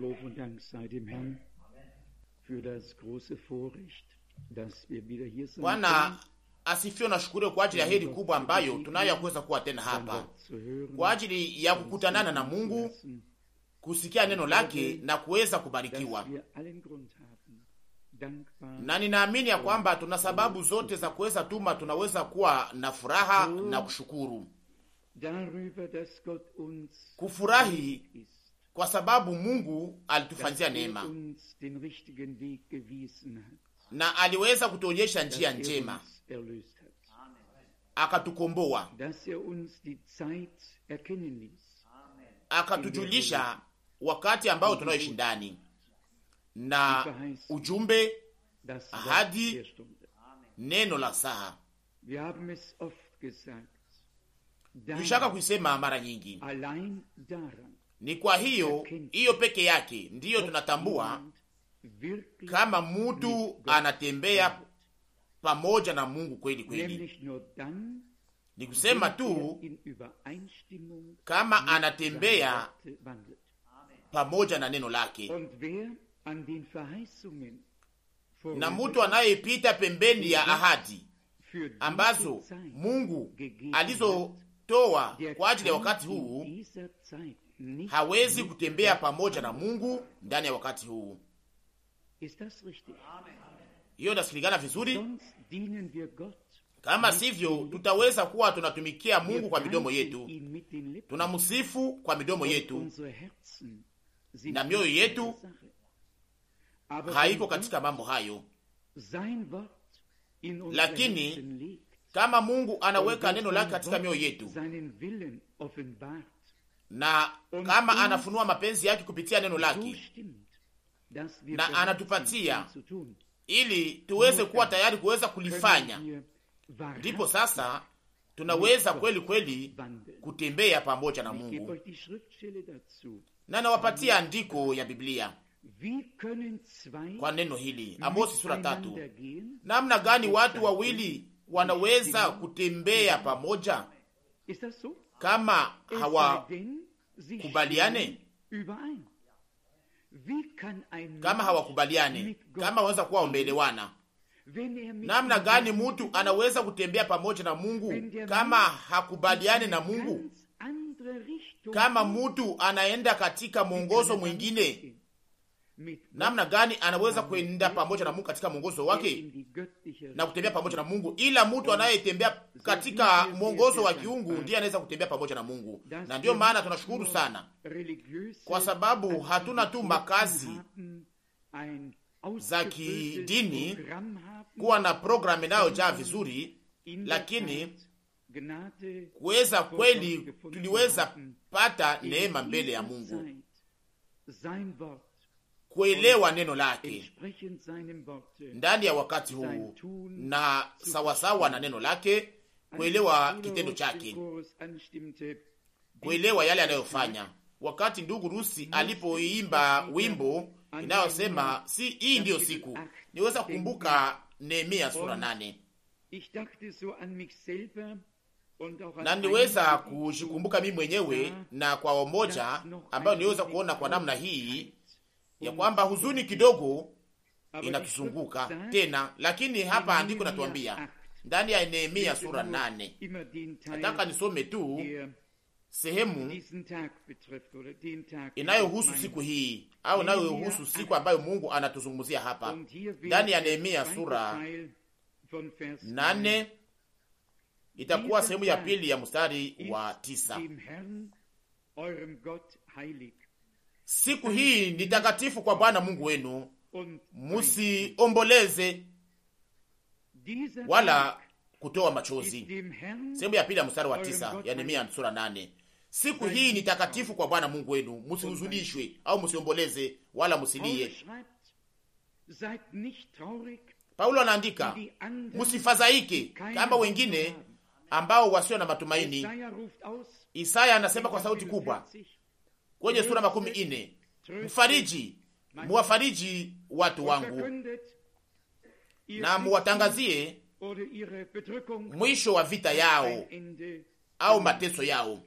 Lob und Dank sei dem Herrn für das große Vorrecht, dass wir wieder hier sind. Bwana asifiwe na shukuriwe kwa ajili ya heri kubwa ambayo tunayo ya kuweza kuwa tena hapa kwa ajili ya kukutanana na Mungu, kusikia neno lake na kuweza kubarikiwa na ninaamini ya kwamba tuna sababu zote za kuweza tuma, tunaweza kuwa na furaha na kushukuru, kufurahi kwa sababu Mungu alitufanyia neema na aliweza kutuonyesha njia er njema, akatukomboa, er akatujulisha wakati ambao tunaoishi ndani na ujumbe ahadi neno la saha. Tushaka kuisema mara nyingi ni kwa hiyo hiyo peke yake ndiyo tunatambua kama mtu anatembea pamoja na Mungu kweli kweli, ni kusema tu kama anatembea pamoja na neno lake. Na mtu anayepita pembeni ya ahadi ambazo Mungu alizotoa kwa ajili ya wakati huu hawezi kutembea pamoja na Mungu ndani ya wakati huu. Hiyo inasikilikana vizuri? Kama sivyo, tutaweza kuwa tunatumikia Mungu kwa midomo yetu, tunamsifu kwa midomo yetu, na mioyo yetu haiko katika mambo hayo. Lakini kama Mungu anaweka neno lake katika mioyo yetu na kama anafunua mapenzi yake kupitia neno lake na anatupatia ili tuweze kuwa tayari kuweza kulifanya, ndipo sasa tunaweza kweli kweli kutembea pamoja na Mungu. Na nawapatia andiko ya Biblia kwa neno hili, Amosi sura tatu. Namna gani watu wawili wanaweza kutembea pamoja? kama hawakubaliane, kama hawakubaliane, kama waweza kuwa wameelewana er namna gani? Mtu anaweza kutembea pamoja na Mungu kama hakubaliane na Mungu? Kama mtu anaenda katika er mwongozo mwingine namna gani anaweza kwenda pamoja na Mungu katika mwongozo wake na kutembea pamoja na Mungu, ila mtu anayetembea katika mwongozo wa kiungu ndiye anaweza kutembea pamoja na Mungu. Na ndiyo maana tunashukuru sana, kwa sababu hatuna tu makazi za kidini kuwa na programu inayojaa vizuri, lakini kuweza kweli tuliweza pata neema mbele ya Mungu kuelewa neno lake ndani ya wakati huu na sawasawa na neno lake, kuelewa kitendo chake, kuelewa yale anayofanya. Wakati ndugu Rusi alipoimba wimbo inayosema si hii ndiyo siku, niweza kukumbuka Nehemia sura nane na niweza kushikumbuka mimi mwenyewe na kwa umoja ambayo niweza kuona kwa namna hii ya kwamba huzuni kidogo inatuzunguka tena, lakini hapa andiko natuambia ndani ya Nehemia sura nane. Nataka nisome tu sehemu inayohusu siku hii au inayohusu siku ambayo Mungu anatuzungumzia hapa ndani ya Nehemia sura nane. Itakuwa sehemu ya pili ya mstari wa tisa. Siku hii ni takatifu kwa Bwana Mungu wenu, musiomboleze wala kutoa machozi. Sehemu ya pili ya mstari wa tisa ya Nehemia sura nane. Siku hii ni takatifu kwa Bwana Mungu wenu, musihuzunishwe au musiomboleze wala musilie. Paulo anaandika musifadhaike kama wengine ambao wasio na matumaini. Isaya anasema kwa sauti kubwa kwenye sura makumi ine mfariji, muwafariji watu wangu na muwatangazie mwisho wa vita yao au mateso yao.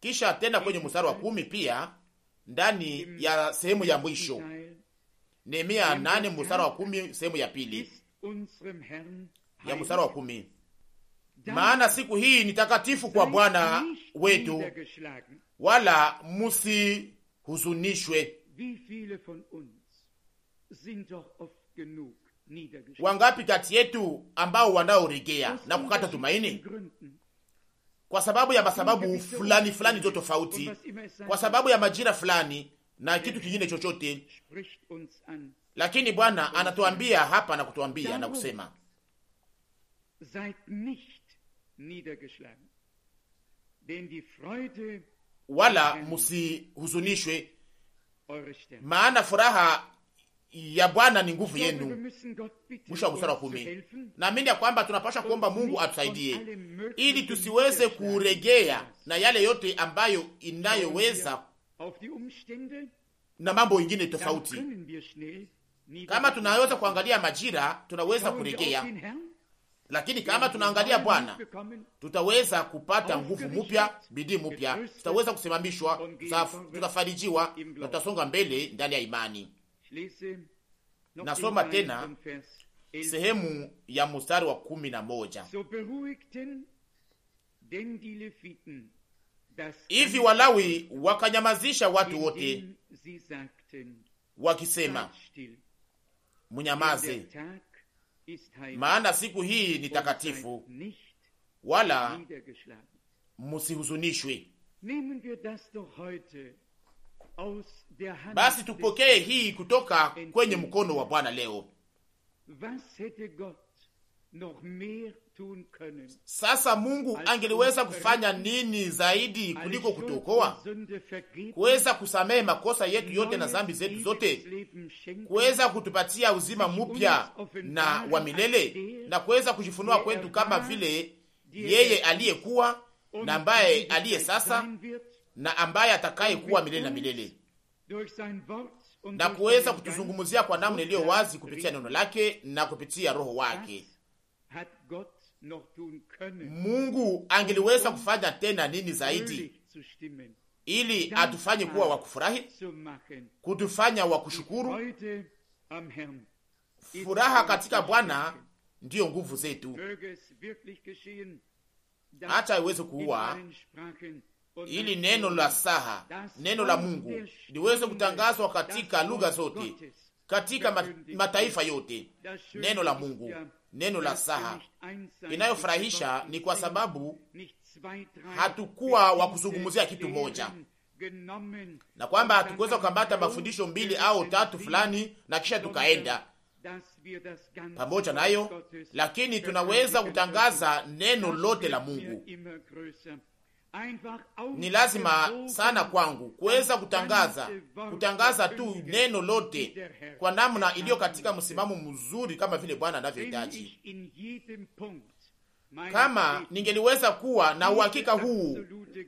Kisha tena kwenye mstari wa kumi pia ndani ya sehemu ya mwisho Nehemia nane mstari wa kumi sehemu ya pili ya mstari wa kumi maana siku hii ni takatifu kwa Bwana wetu, wala musihuzunishwe. Wangapi kati yetu ambao wanaoregea na kukata tumaini kwa sababu ya masababu fulani fulani zo tofauti, kwa sababu ya majira fulani na kitu kingine chochote, lakini Bwana anatuambia hapa na kutuambia na kusema wala musihuzunishwe, maana furaha ya Bwana ni nguvu yenu. Mwisho wa mstari wa kumi. Naamini ya kwamba tunapasha kuomba Mungu atusaidie ili tusiweze kuregea na yale yote ambayo inayoweza na mambo ingine tofauti. Kama tunaweza kuangalia majira, tunaweza kuregea lakini kama tunaangalia Bwana, tutaweza kupata nguvu mpya, bidii mpya, tutaweza kusimamishwa, tutafarijiwa na tutasonga mbele ndani ya imani. Nasoma tena sehemu ya mstari wa kumi na moja hivi Walawi wakanyamazisha watu wote wakisema, mnyamaze maana siku hii ni takatifu, wala musihuzunishwe. Basi tupokee hii kutoka kwenye mkono wa Bwana leo. Sasa Mungu angeliweza kufanya nini zaidi kuliko kutuokoa, kuweza kusamehe makosa yetu yote na zambi zetu zote, kuweza kutupatia uzima mpya na wa milele, na kuweza kujifunua kwetu kama vile yeye aliyekuwa na ambaye aliye sasa na ambaye atakayekuwa milele na milele, na kuweza kutuzungumzia kwa namna iliyo wazi kupitia neno lake na kupitia Roho wake. Mungu angeliweza kufanya tena nini zaidi ili atufanye kuwa wa kufurahi, kutufanya wa kushukuru. Furaha katika Bwana ndiyo nguvu zetu. Acha iweze kuwa ili neno la saha, neno la Mungu liweze kutangazwa katika lugha zote, katika mataifa yote, neno la Mungu neno la saha inayofurahisha ni kwa sababu hatukuwa wa kuzungumzia kitu moja, na kwamba hatukuweza kukambata mafundisho mbili au tatu fulani na kisha tukaenda pamoja nayo, lakini tunaweza kutangaza neno lote la Mungu ni lazima sana kwangu kuweza kutangaza kutangaza tu neno lote kwa namna iliyo katika msimamo mzuri kama vile Bwana anavyohitaji. Kama ningeliweza kuwa na uhakika huu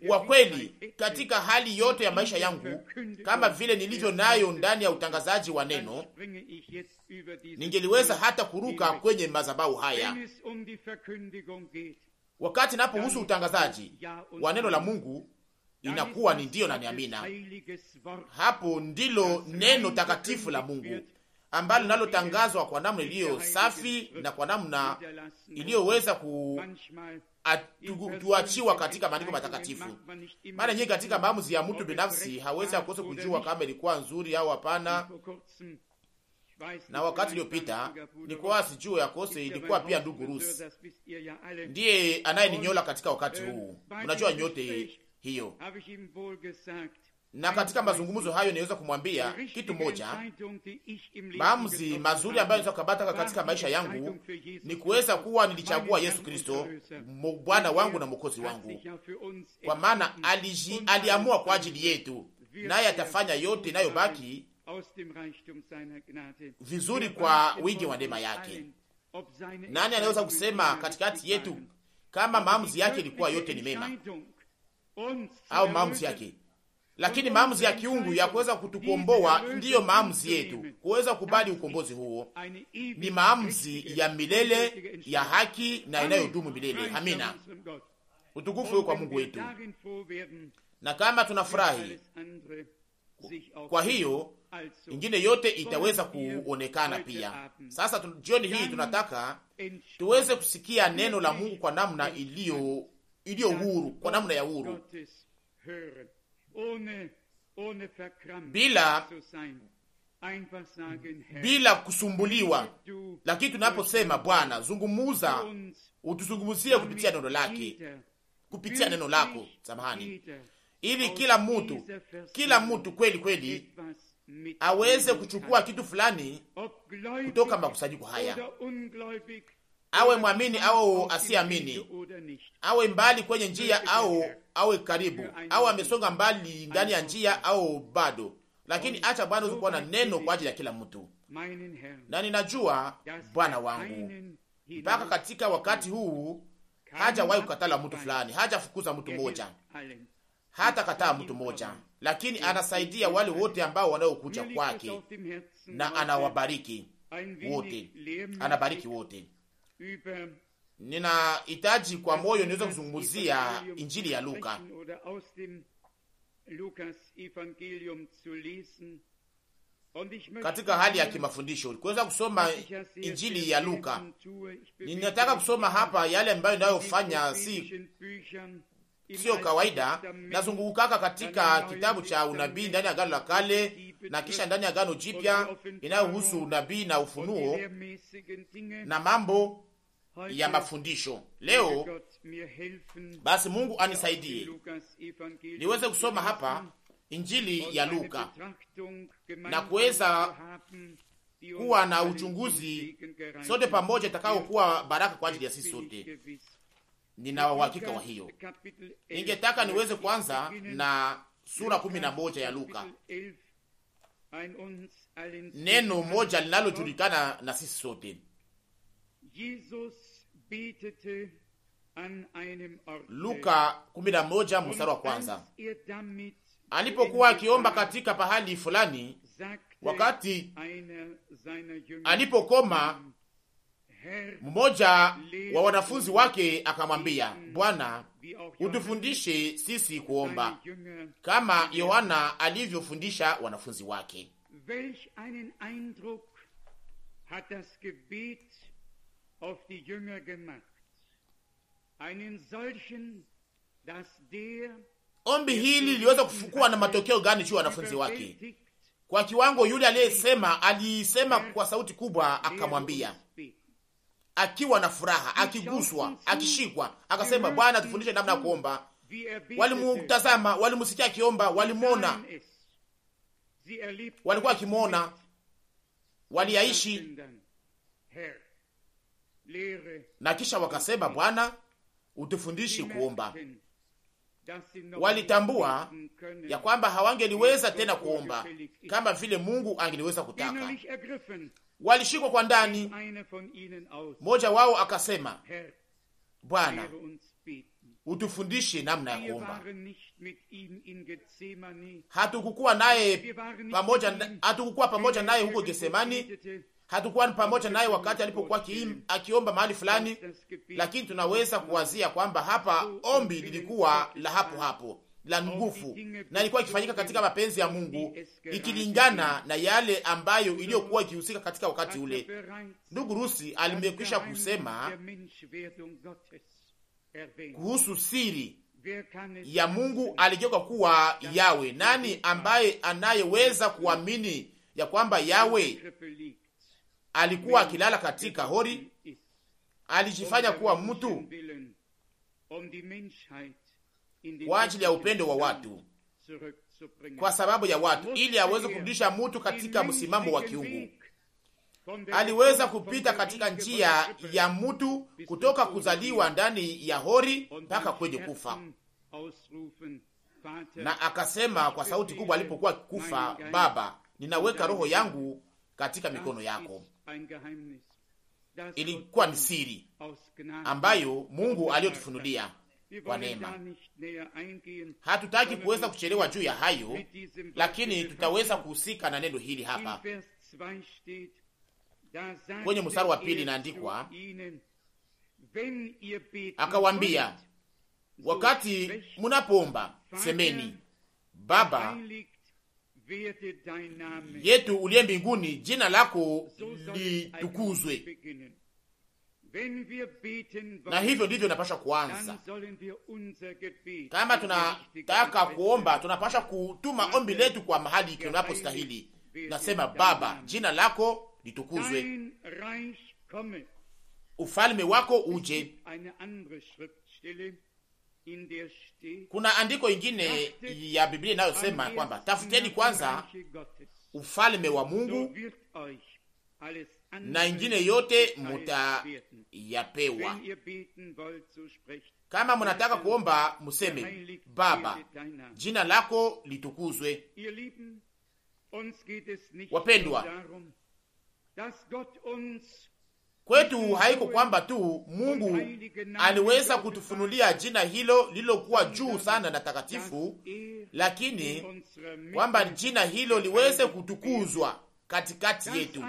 wa kweli katika hali yote ya maisha yangu, kama vile nilivyo nayo ndani ya utangazaji wa neno, ningeliweza hata kuruka kwenye madhabahu haya Wakati husu utangazaji wa neno la Mungu inakuwa ni ndiyo na niamina. Hapo ndilo neno takatifu la Mungu ambalo linalotangazwa kwa namna iliyo safi na kwa namna iliyoweza ku tuachiwa katika maandiko matakatifu. Mara nyingi katika maamuzi ya mtu binafsi hawezi akose kujua kama ilikuwa nzuri au hapana, na wakati uliopita nilikuwa sijuu ya kose, ilikuwa pia ndugu Rus ndiye anayeninyola katika wakati huu, unajua nyote hiyo. Na katika mazungumzo hayo niweza kumwambia kitu moja, maamuzi mazuri ambayo niweza kukamata katika maisha yangu ni kuweza kuwa nilichagua Yesu Kristo Bwana wangu na Mwokozi wangu, kwa maana aliamua kwa ajili yetu, naye atafanya yote inayobaki vizuri kwa wingi wa neema yake. Nani anaweza kusema katikati yetu kama maamuzi yake ilikuwa yote ni mema au maamuzi yake? Lakini maamuzi ya kiungu ya kuweza kutukomboa ndiyo maamuzi yetu. Kuweza kubali ukombozi huo ni maamuzi ya milele ya haki na inayodumu milele. Amina. Utukufu kwa Mungu wetu, na kama tunafurahi kwa hiyo ingine yote itaweza kuonekana pia. Sasa jioni hii tunataka tuweze kusikia neno la Mungu kwa namna iliyo iliyo huru, kwa namna ya huru, bila bila kusumbuliwa, lakini tunaposema Bwana zungumuza, utuzungumzie kupitia neno lake, kupitia neno lako, samahani ili oh, kila mtu kila mtu kweli kweli aweze kuchukua kitu fulani kutoka makusanyiko haya, awe mwamini au asiamini, awe mbali kwenye njia au awe karibu, au amesonga mbali ndani ya njia au bado. Lakini oh, acha Bwana kuwa na neno kwa ajili ya kila mtu, na ninajua Bwana wangu mpaka katika wakati huu hajawahi kukatala mtu fulani, hajafukuza mtu mmoja hata kataa mtu mmoja, lakini anasaidia wale wote ambao wanaokuja kwake na anawabariki wote, anabariki wote. Ninahitaji kwa moyo niweze kuzungumzia Injili ya Luka katika hali ya kimafundisho kuweza kusoma Injili ya Luka. Ninataka kusoma hapa yale ambayo inayofanya si sio kawaida, nazungukaka katika kitabu cha unabii ndani ya Agano la Kale na kisha ndani ya Agano Jipya inayohusu unabii na ufunuo na mambo ya mafundisho. Leo basi, Mungu anisaidie niweze kusoma hapa Injili ya Luka na kuweza kuwa na uchunguzi sote pamoja, itakayokuwa baraka kwa ajili ya sisi sote nina uhakika wa hiyo. Ningetaka niweze kwanza na sura kumi na moja ya Luka, neno moja linalojulikana na sisi sote. Luka kumi na moja mstari wa kwanza. Alipokuwa akiomba katika pahali fulani, wakati alipokoma mmoja wa wanafunzi wake akamwambia, Bwana, utufundishe sisi kuomba kama Yohana alivyofundisha wanafunzi wake. Ombi hili liliweza kufukuwa na matokeo gani juu ya wanafunzi wake? Kwa kiwango yule aliyesema, alisema kwa sauti kubwa, akamwambia akiwa na furaha, akiguswa, akishikwa, akasema, Bwana tufundishe namna ya kuomba. Walimutazama, walimusikia akiomba, walimwona, walikuwa akimwona, waliyaishi na kisha wakasema, Bwana utufundishe kuomba. Walitambua ya kwamba hawangeliweza tena kuomba kama vile Mungu angeliweza kutaka, walishikwa kwa ndani. Mmoja wao akasema, Bwana, utufundishe namna ya kuomba. Hatukukuwa naye pamoja, hatukukuwa pamoja naye huko Getsemani, hatukuwa pamoja naye wakati alipokuwa akiomba mahali fulani, lakini tunaweza kuwazia kwamba hapa ombi lilikuwa la hapo hapo la nguvu, na ilikuwa ikifanyika katika mapenzi ya Mungu ikilingana na yale ambayo iliyokuwa ikihusika katika wakati ule. Ndugu Rusi alimekwisha kusema kuhusu siri ya Mungu aligeuka kuwa yawe. Nani ambaye anayeweza kuamini ya kwamba yawe alikuwa akilala katika hori, alijifanya kuwa mtu kwa ajili ya upendo wa watu, kwa sababu ya watu, ili aweze kurudisha mtu katika msimamo wa kiungu. Aliweza kupita katika njia ya mtu kutoka kuzaliwa ndani ya hori mpaka kwenye kufa, na akasema kwa sauti kubwa alipokuwa kufa, Baba, ninaweka roho yangu katika mikono yako. Ilikuwa ni siri ambayo Mungu aliyotufunulia kwa neema. Hatutaki kuweza kuchelewa juu ya hayo, lakini tutaweza kuhusika na neno hili hapa kwenye mstari wa pili inaandikwa, akawambia wakati munapoomba semeni, Baba yetu uliye mbinguni, jina lako litukuzwe na hivyo ndivyo inapasha kuanza. Kama tunataka kuomba, tunapasha kutuma ombi letu kwa mahali kinapostahili. Nasema, Baba, jina lako litukuzwe, ufalme wako uje. Kuna andiko ingine ya Biblia inayosema kwamba tafuteni kwanza ufalme wa Mungu na ingine yote mutayapewa. Kama munataka kuomba, museme Baba, jina lako litukuzwe. Wapendwa, kwetu haiko kwamba tu Mungu aliweza kutufunulia jina hilo lilokuwa juu er sana na takatifu, lakini kwamba jina hilo liweze kutukuzwa katikati yetu,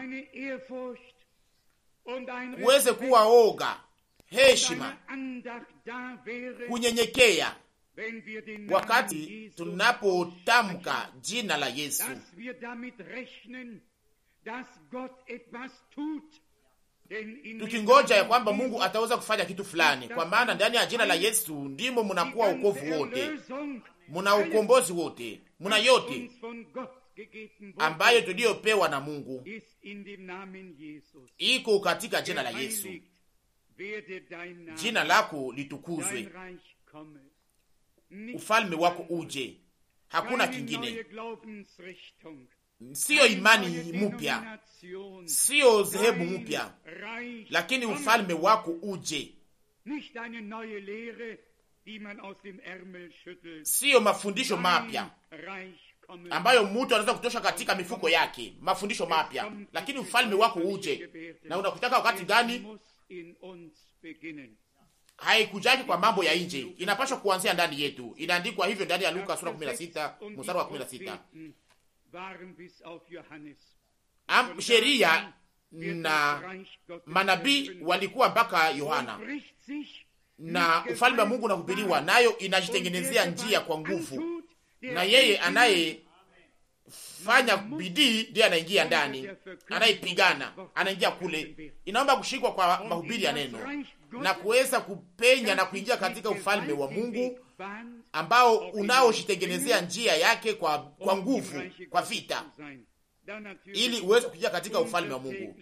uweze kuwa oga, heshima, kunyenyekea wakati tunapotamka jina la Yesu tukingoja ya kwamba Mungu ataweza kufanya kitu fulani, kwa maana ndani ya jina la Yesu ndimo munakuwa ukovu wote, muna ukombozi wote, muna yote ambayo tuliyopewa na Mungu iko katika jina la Yesu. Jina lako litukuzwe, ufalme wako uje. Hakuna kingine, siyo imani mupya, siyo dhehebu mupya, lakini ufalme wako uje siyo mafundisho mapya ambayo mtu anaweza kutosha katika mifuko yake, mafundisho mapya. Lakini ufalme wako uje, na unakutaka wakati gani? Haikujaki kwa mambo ya nje, inapaswa kuanzia ndani yetu. Inaandikwa hivyo ndani ya Luka sura 16 mstari wa 16. sheria na manabii walikuwa mpaka Yohana na ufalme wa Mungu unahubiriwa nayo, inajitengenezea njia kwa nguvu, na yeye anaye anafanya bidii ndiye anaingia ndani, anayepigana anaingia kule. Inaomba kushikwa kwa mahubiri ya neno na kuweza kupenya na kuingia katika ufalme wa Mungu ambao unaoshitengenezea njia yake kwa, kwa nguvu, kwa vita, ili uweze kuingia katika ufalme wa Mungu.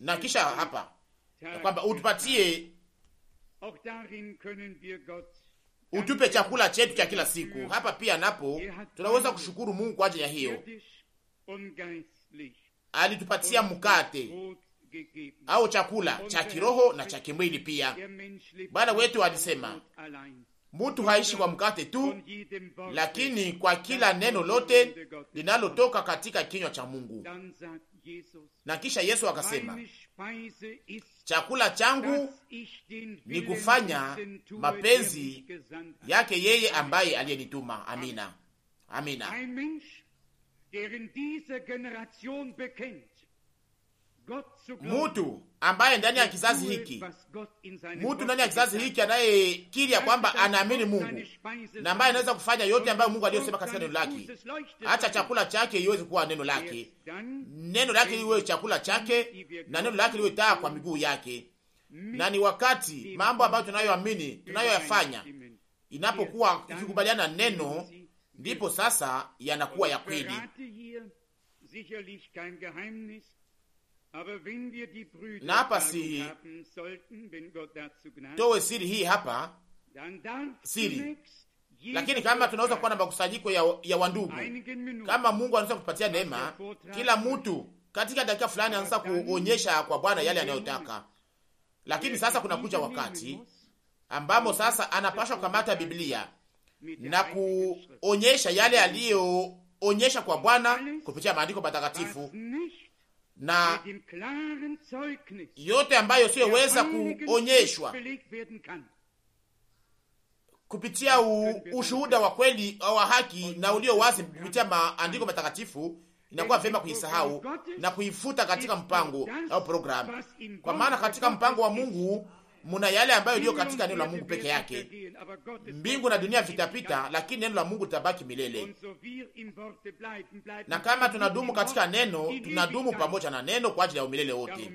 Na kisha hapa kwamba utupatie utupe chakula chetu cha kila siku. Hapa pia napo tunaweza kushukuru Mungu kwa ajili ya hiyo. Alitupatia mkate au chakula cha kiroho na cha kimwili pia. Bwana wetu alisema mutu haishi kwa mkate tu, lakini kwa kila neno lote linalotoka katika kinywa cha Mungu. Na kisha Yesu akasema Chakula changu ni kufanya mapenzi yake yeye ambaye aliyenituma. Amina, amina mutu ambaye ndani ya kizazi hiki mutu ndani ya kizazi hiki anayekiri ya kwamba anaamini Mungu na ambaye anaweza kufanya yote ambayo Mungu aliyosema katika neno lake, acha chakula chake iweze kuwa neno lake, neno lake liwe chakula chake na neno lake liwe taa kwa miguu yake. Na ni wakati mambo ambayo tunayoamini tunayoyafanya inapokuwa ikikubaliana neno, ndipo sasa yanakuwa ya kweli na hapa sihi towe siri hii hapa siri, lakini kama tunaweza kuwa na makusanyiko ya, ya wandugu, kama Mungu anaweza kupatia neema, er kila mtu katika dakika fulani anaweza kuonyesha kwa Bwana yale anayotaka. Lakini sasa kuna kunakuja wakati ambamo sasa anapashwa kukamata Biblia na kuonyesha yale aliyoonyesha kwa Bwana kupitia maandiko matakatifu na yote ambayo siyoweza kuonyeshwa kupitia ushuhuda wa kweli wa haki na ulio wazi kupitia maandiko matakatifu, inakuwa vyema kuisahau na kuifuta katika mpango au programu, kwa maana katika mpango wa Mungu muna yale ambayo iliyo katika neno la Mungu peke yake. Mbingu na dunia vitapita, lakini neno la Mungu litabaki milele. Na kama tunadumu katika neno, tunadumu pamoja na neno kwa ajili ya umilele wote,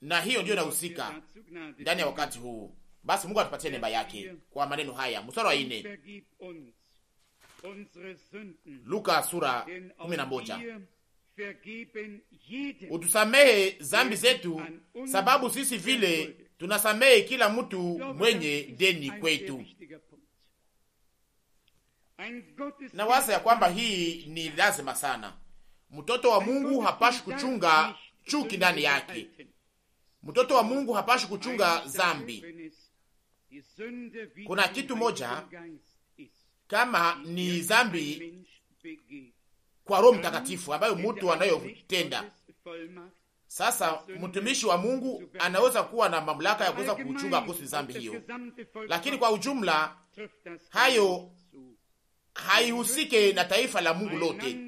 na hiyo ndiyo inahusika ndani ya wakati huu. Basi Mungu atupatie neema yake kwa maneno haya. Mstari wa nne, Luka sura kumi na moja utusamehe zambi zetu, sababu sisi vile tunasamehe kila mtu mwenye deni kwetu. Na waza ya kwamba hii ni lazima sana. Mtoto wa Mungu hapashi kuchunga chuki ndani yake. Mtoto wa Mungu hapashi kuchunga zambi. Kuna kitu moja kama ni zambi kwa Roho Mtakatifu ambayo mtu anayotenda. Sasa mtumishi wa Mungu anaweza kuwa na mamlaka ya kuweza kuchunga kuhusu dhambi hiyo, lakini kwa ujumla hayo haihusike na taifa la Mungu lote.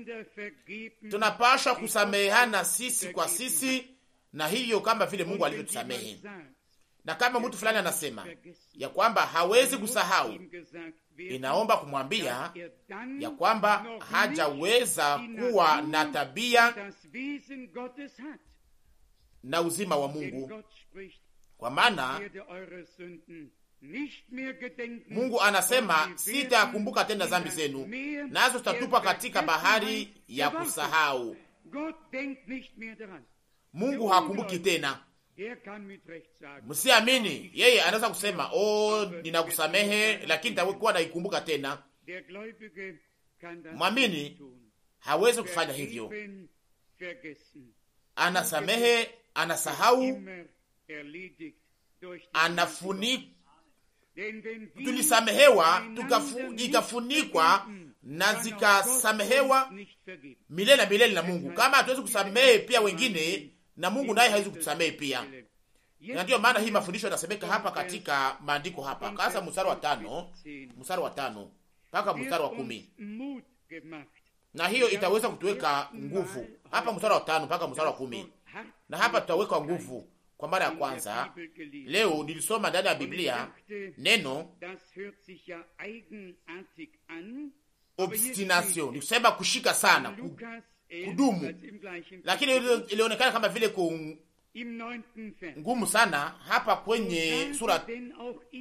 Tunapashwa kusamehana sisi kwa sisi, na hiyo kama vile Mungu alivyotusamehe. Na kama mtu fulani anasema ya kwamba hawezi kusahau, inaomba kumwambia ya kwamba hajaweza kuwa na tabia na uzima wa Mungu, kwa maana Mungu anasema sitakumbuka tena dhambi zenu, nazo zitatupa katika bahari ya kusahau. Mungu hakumbuki tena Er Msiamini yeye, anaweza kusema oh, er ninakusamehe, lakini takuwa naikumbuka tena. Mwamini hawezi kufanya hivyo, anasamehe, anasahau, anafuni tulisamehewa, ikafunikwa na zikasamehewa milele na milele na Mungu. Kama hatuwezi kusamehe pia wengine na Mungu naye hawezi kutusamehe pia. Na ndiyo maana hii mafundisho yanasemeka hapa katika maandiko hapa kasa, mstari wa tano mstari wa tano mpaka mstari wa kumi na hiyo itaweza kutuweka nguvu hapa, mstari wa tano mpaka mstari wa kumi na hapa tutawekwa nguvu kwa mara ya kwanza. Leo nilisoma ndani ya Biblia neno obstination, nikusema kushika sana, Eh, kudumu, lakini ilionekana kama vile ku ngumu sana hapa kwenye sura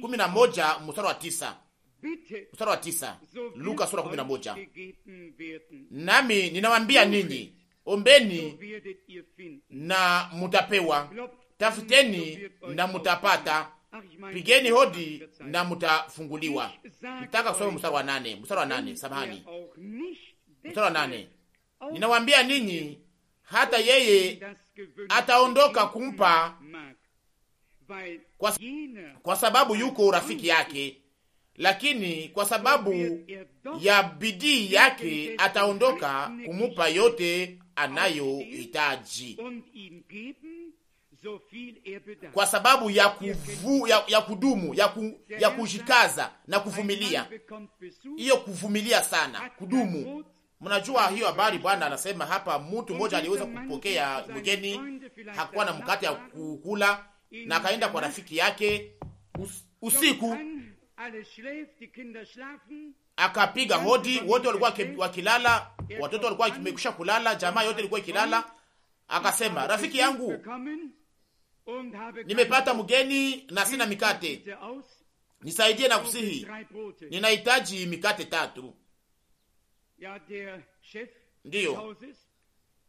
kumi na moja mstari wa tisa mstari wa tisa Luka sura kumi na moja nami ninawambia ninyi, ombeni na mutapewa, tafuteni na mutapata, pigeni hodi na mutafunguliwa. Nataka kusoma mstari wa nane mstari wa nane samahani, mstari wa nane Oh. Ninawaambia ninyi, hata yeye ataondoka kumpa kwa, kwa sababu yuko rafiki yake, lakini kwa sababu ya bidii yake ataondoka kumupa yote anayohitaji kwa sababu ya, kufu, ya, ya kudumu ya, ku, ya kushikaza na kuvumilia. Hiyo kuvumilia sana kudumu Mnajua hiyo habari. Bwana anasema hapa, mtu mmoja aliweza kupokea mgeni, hakuwa na mkate ya kukula, na akaenda kwa rafiki yake usiku, akapiga hodi. Wote walikuwa wakilala, watoto walikuwa wamekwisha kulala, jamaa yote ilikuwa ikilala. Akasema, rafiki yangu, nimepata mgeni na sina mikate, nisaidie na kusihi, ninahitaji mikate tatu ndiyo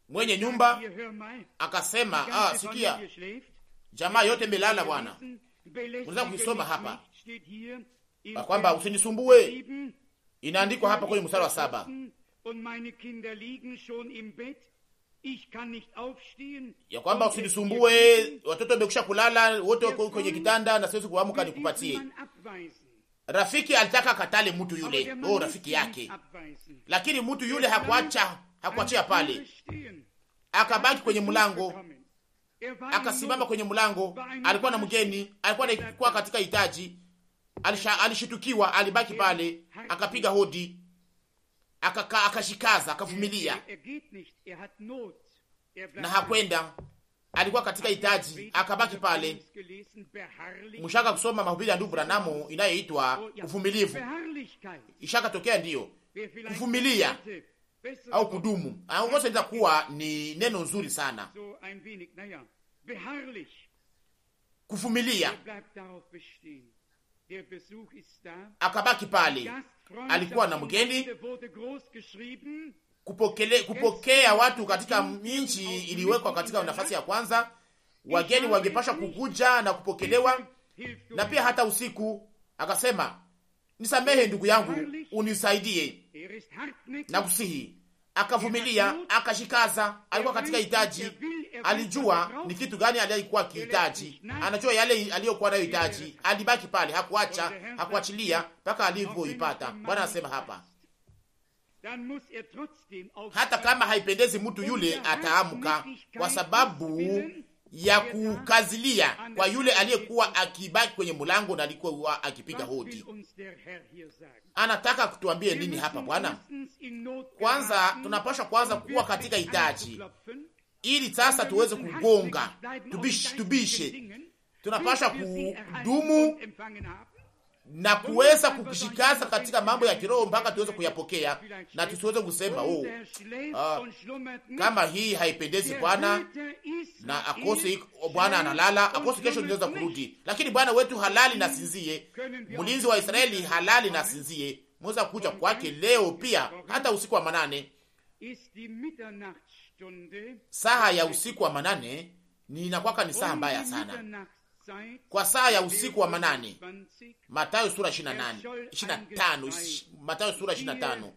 mwenye nyumba akasema, ah, sikia, jamaa yote melala bwana. Unaweza kuisoma hapa kwamba usinisumbue, inaandikwa hapa kwenye mstari wa saba ya kwamba usinisumbue, watoto wamekusha kulala wote kwenye kitanda na siwezi kuamka nikupatie. Rafiki alitaka katale mtu yule, oh, rafiki yake, lakini mtu yule hakuacha, hakuachia pale, akabaki kwenye mlango, akasimama kwenye mlango. Alikuwa na mgeni, alikuwa alikuwa katika hitaji, alishitukiwa, alibaki pale, akapiga hodi, akashikaza, akavumilia er er na hakwenda alikuwa katika hitaji akabaki pale. Mshaka kusoma mahubiri ya ndugu Branamu inayoitwa uvumilivu, ishaka tokea ndiyo kuvumilia au kudumu aongoza ah, inaweza kuwa ni neno nzuri sana kuvumilia. Akabaki pale, alikuwa na mgeni kupokele, kupokea watu katika nchi iliwekwa katika nafasi ya kwanza. Wageni wangepasha kukuja na kupokelewa, na pia hata usiku akasema, nisamehe ndugu yangu, unisaidie na kusihi. Akavumilia, akashikaza, alikuwa katika hitaji, alijua ni kitu gani alikuwa kihitaji, anajua yale aliyokuwa nayo hitaji. Alibaki pale, hakuacha, hakuachilia mpaka alivyoipata. Bwana anasema hapa Er hata kama haipendezi mtu yule ataamka, kwa sababu ya kukazilia kwa yule aliyekuwa akibaki kwenye mlango na alikuwa akipiga hodi. Anataka kutuambie nini hapa Bwana? Kwanza tunapaswa kwanza kuwa katika hitaji, ili sasa tuweze kugonga, tubishe, tubishe. Tunapaswa kudumu na kuweza kukishikaza katika mambo ya kiroho mpaka tuweze kuyapokea na tusiweze kusema oh, uh, kama hii haipendezi Bwana na akose oh, Bwana analala akose, kesho niweza kurudi. Lakini Bwana wetu halali na sinzie, mlinzi wa Israeli halali na sinzie, mweza kuja kwake leo pia hata usiku wa manane, saha ya usiku wa manane ninakwaka ni saha mbaya sana kwa saa ya usiku wa manane. Matayo sura 28, 25, Matayo sura 25.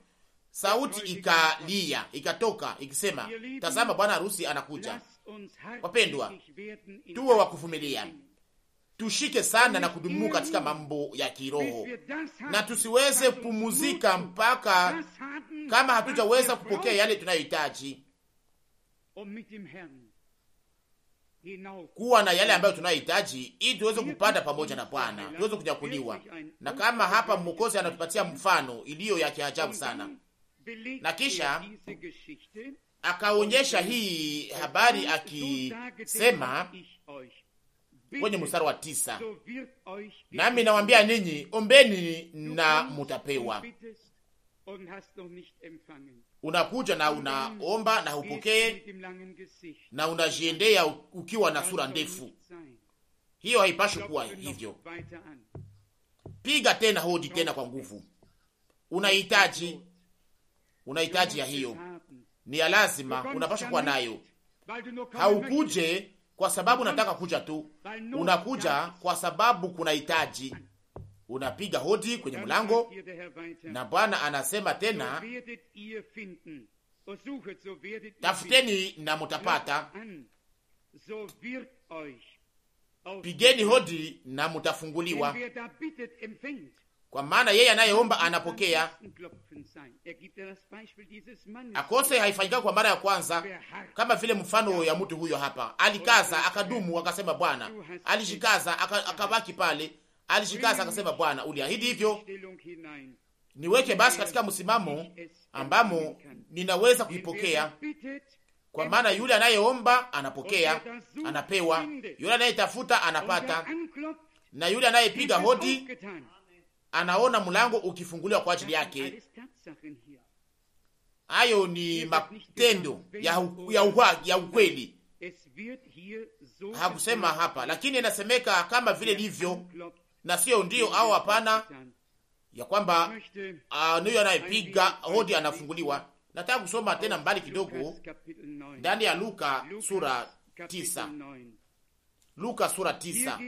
Sauti ikalia ikatoka ikisema, tazama bwana harusi anakuja. Wapendwa, tuwe wa kuvumilia, tushike sana na kudumu katika mambo ya kiroho, na tusiweze kupumuzika mpaka kama hatujaweza kupokea yale tunayohitaji kuwa na yale ambayo tunayohitaji ili tuweze kupanda pamoja na Bwana, tuweze kunyakuliwa. Na kama hapa Mwokozi anatupatia mfano iliyo ya kiajabu sana, na kisha akaonyesha hii habari akisema kwenye mstari wa tisa, nami nawambia ninyi, ombeni na mutapewa unakuja na unaomba na upokee na unajiendea ukiwa na sura ndefu. Hiyo haipashi kuwa hivyo. Piga tena hodi tena kwa nguvu, unahitaji unahitaji ya hiyo, ni ya lazima, unapashwa kuwa nayo. Haukuje kwa sababu unataka kuja tu, unakuja kwa sababu kuna hitaji unapiga hodi kwenye mlango, na Bwana anasema tena, oh, tafuteni na mutapata, pigeni hodi na mutafunguliwa. Kwa maana yeye anayeomba anapokea. Er Akose haifanyika kwa mara ya kwanza, kama vile mfano ya mtu huyo hapa. Alikaza akadumu, akasema Bwana alishikaza, akabaki pale alishikaza akasema, Bwana uliahidi hivyo, niweke basi katika msimamo ambamo ninaweza kuipokea, kwa maana yule anayeomba anapokea, anapewa; yule anayetafuta anapata, na yule anayepiga hodi anaona mlango ukifunguliwa kwa ajili yake. Hayo ni matendo ya, ya, ya ukweli. Hakusema hapa, lakini inasemeka kama vile livyo na sio ndio au hapana, ya kwamba uh, ah, niyo anayepiga hodi anafunguliwa. Nataka kusoma tena mbali kidogo ndani ya Luka sura tisa. Luka sura tisa.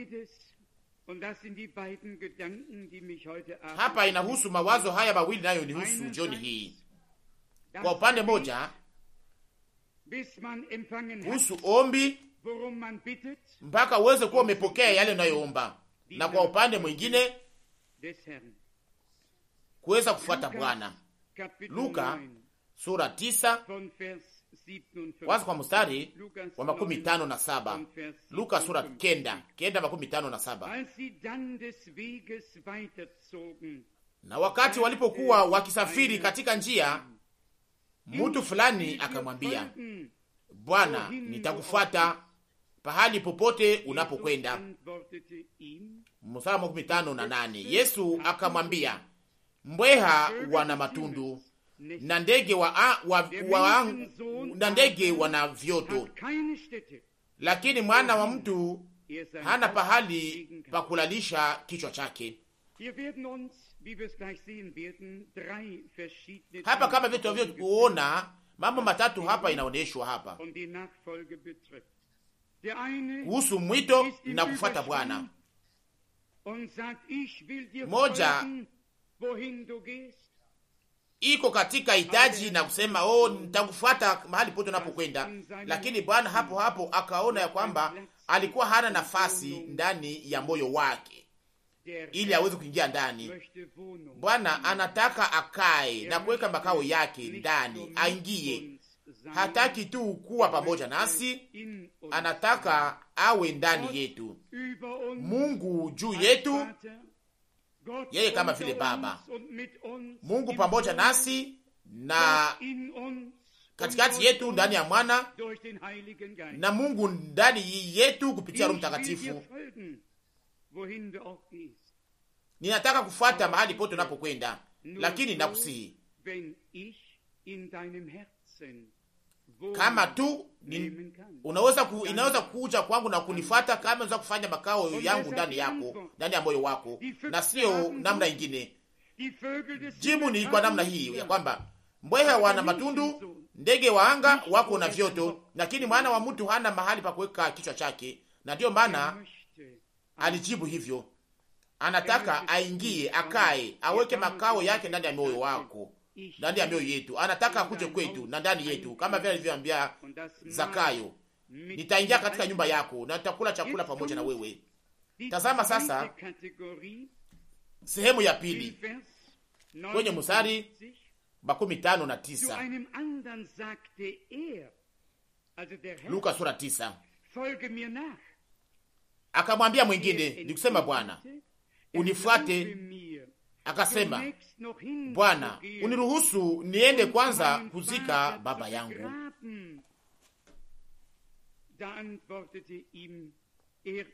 Hapa inahusu mawazo haya mawili nayo ni husu jioni hii. Kwa upande moja husu ombi mpaka uweze kuwa umepokea yale unayoomba na kwa upande mwingine kuweza kufuata Bwana. Luka sura tisa kwanza kwa mstari wa makumi tano na saba. Luka sura kenda kenda makumi tano na saba. Na wakati walipokuwa er wakisafiri katika njia, mtu fulani akamwambia, Bwana, nitakufuata pahali popote unapokwenda. Mstari makumi tano na nane Yesu akamwambia, mbweha wana matundu na ndege wa, wa, wa, na ndege wana vyoto, lakini mwana wa mtu hana pahali pa kulalisha kichwa chake. Hapa kama vile tunavyoona mambo matatu hapa inaonyeshwa hapa kuhusu mwito na kufuata Bwana. Moja iko katika hitaji na kusema oh, nitakufuata mahali pote unapokwenda, lakini Bwana hapo hapo akaona ya kwamba alikuwa hana nafasi ndani ya moyo wake ili aweze kuingia ndani. Bwana anataka akae na kuweka makao yake ndani, aingie hataki tu kuwa pamoja nasi, anataka awe ndani yetu, Mungu juu yetu, yeye kama vile Baba. Mungu pamoja nasi na katikati yetu ndani ya mwana na Mungu ndani yetu kupitia Roho Mtakatifu. Ninataka kufuata mahali pote unapokwenda, lakini nakusihi kama tu ni, unaweza ku, inaweza kuja kwangu na kunifuata kama unaweza kufanya makao yangu ndani yako ndani ya moyo wako, na sio namna ingine. Jibu ni kwa namna hii ya kwamba mbweha wana matundu, ndege wa anga wako na vyoto, lakini mwana wa mtu hana mahali pa kuweka kichwa chake. Na ndiyo maana alijibu hivyo, anataka aingie, akae, aweke makao yake ndani ya moyo wako ndani ya mioyo yetu, anataka akuje kwetu na ndani yetu, kama vile alivyoambia Zakayo, nitaingia katika nyumba yako na nitakula chakula pamoja na wewe. Tazama sasa sehemu ya pili kwenye mstari makumi tano na tisa Luka sura tisa. Akamwambia mwingine, nikusema Bwana, unifuate akasema, Bwana, uniruhusu niende kwanza kuzika baba yangu. Er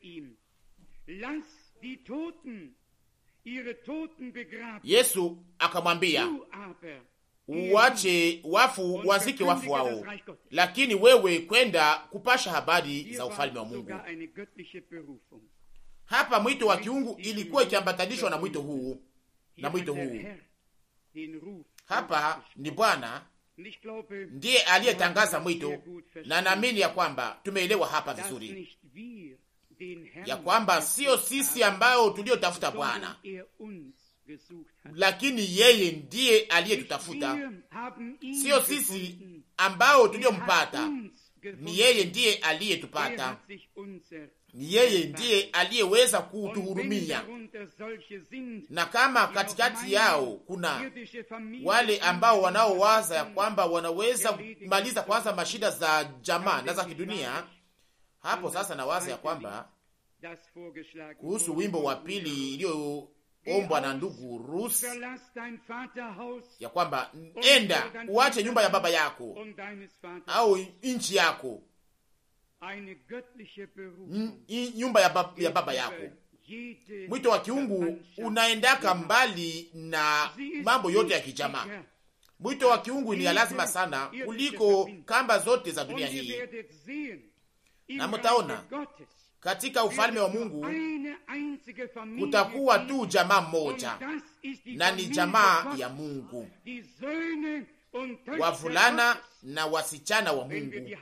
Yesu akamwambia, uwache wafu wazike wafu wao, lakini wewe kwenda kupasha habari za ufalme wa Mungu. Hapa mwito wa kiungu ilikuwa ikiambatanishwa na mwito huu na mwito huu. Hapa ni Bwana ndiye aliyetangaza mwito, na naamini ya kwamba tumeelewa hapa vizuri ya kwamba siyo sisi ambayo tuliotafuta Bwana, lakini yeye ndiye aliyetutafuta. Siyo sisi ambao tuliompata, ni yeye ndiye aliyetupata. Er ni yeye ndiye aliyeweza kutuhurumia. Na kama katikati yao kuna wale ambao wanaowaza ya kwamba wanaweza kumaliza kwanza mashida za jamaa na za kidunia, hapo sasa nawaza ya kwamba kuhusu wimbo wa pili iliyoombwa na ndugu Rus ya kwamba enda uache nyumba ya baba yako au nchi yako nyumba ya, bab, ya baba yako. Mwito wa kiungu unaendaka mbali na mambo yote ya kijamaa. Mwito wa kiungu ni ya lazima sana kuliko kamba zote za dunia hii, na mtaona katika ufalme wa Mungu kutakuwa tu jamaa moja, na ni jamaa ya Mungu wavulana na wasichana wa Mungu.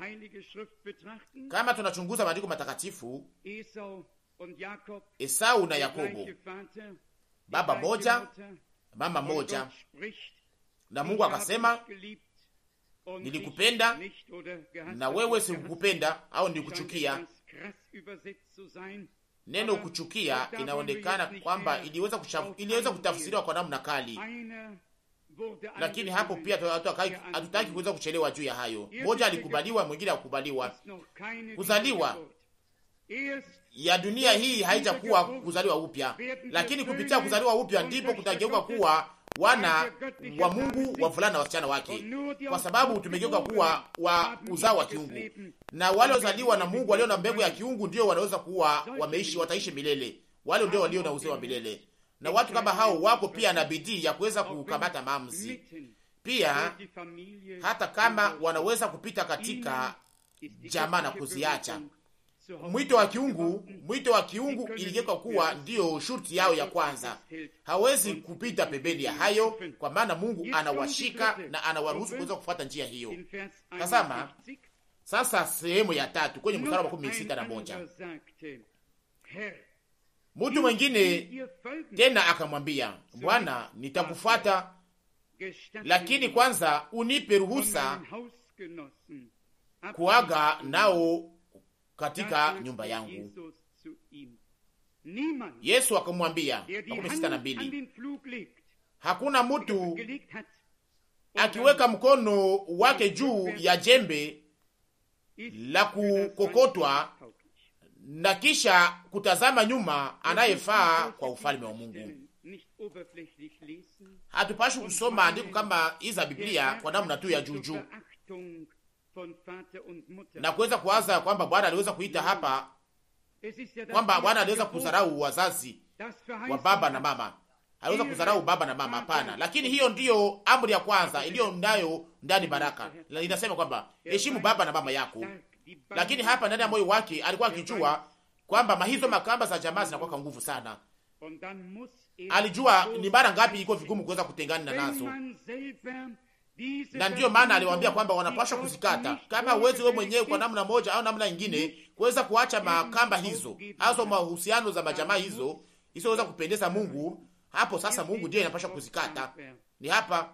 Kama tunachunguza maandiko matakatifu, Esau na Yakobo, baba moja mama moja, na Mungu akasema nilikupenda na wewe sikukupenda, au nilikuchukia. Neno kuchukia inaonekana kwamba iliweza, iliweza kutafsiriwa kwa namna kali lakini hapo pia hatutaki kuweza kuchelewa juu ya hayo. Moja alikubaliwa, mwingine hakukubaliwa. Kuzaliwa ya dunia hii haijakuwa kuzaliwa upya, lakini kupitia kuzaliwa upya ndipo kutageuka kuwa wana wa Mungu, wavulana na wasichana wake, kwa sababu tumegeuka kuwa wa uzao wa kiungu, na wale waliozaliwa na Mungu walio na mbegu ya kiungu ndio wanaweza kuwa wameishi, wataishi milele. Wale ndio walio na uzao wa milele na watu kama hao wako pia na bidii ya kuweza kukamata maamuzi pia, hata kama wanaweza kupita katika jamaa na kuziacha. Mwito wa kiungu, mwito wa kiungu iligeuka kuwa ndiyo shurti yao ya kwanza. Hawezi kupita pembeni ya hayo, kwa maana Mungu anawashika na anawaruhusu kuweza kufuata njia hiyo. Tazama sasa sehemu ya tatu kwenye mstari wa makumi sita na moja. Mtu mwengine tena akamwambia, Bwana, nitakufuata, lakini kwanza unipe ruhusa kuaga nao katika nyumba yangu. Yesu akamwambia, hakuna mtu akiweka mkono wake juu ya jembe la kukokotwa na kisha kutazama nyuma anayefaa kwa ufalme wa Mungu. Hatupashi kusoma andiko kama hizi za Biblia kwa namna tu ya juujuu na kuweza kuwaza kwamba Bwana aliweza kuita hapa kwamba Bwana aliweza kudharau wazazi wa baba na mama, aliweza kudharau baba na mama. Hapana, lakini hiyo ndiyo amri ya kwanza iliyo nayo ndani baraka, inasema kwamba heshimu baba na mama yako lakini hapa ndani ya moyo wake alikuwa akijua kwamba mahizo makamba za jamaa zinakuwa nguvu sana. Alijua ni mara ngapi iko vigumu kuweza kutengana nazo, na ndiyo maana aliwaambia kwamba wanapaswa kuzikata. Kama uwezi wewe mwenyewe kwa namna moja au namna nyingine kuweza kuacha makamba hizo, hazo mahusiano za majamaa hizo isiyoweza kupendeza Mungu, hapo sasa Mungu ndiye anapaswa kuzikata. Ni hapa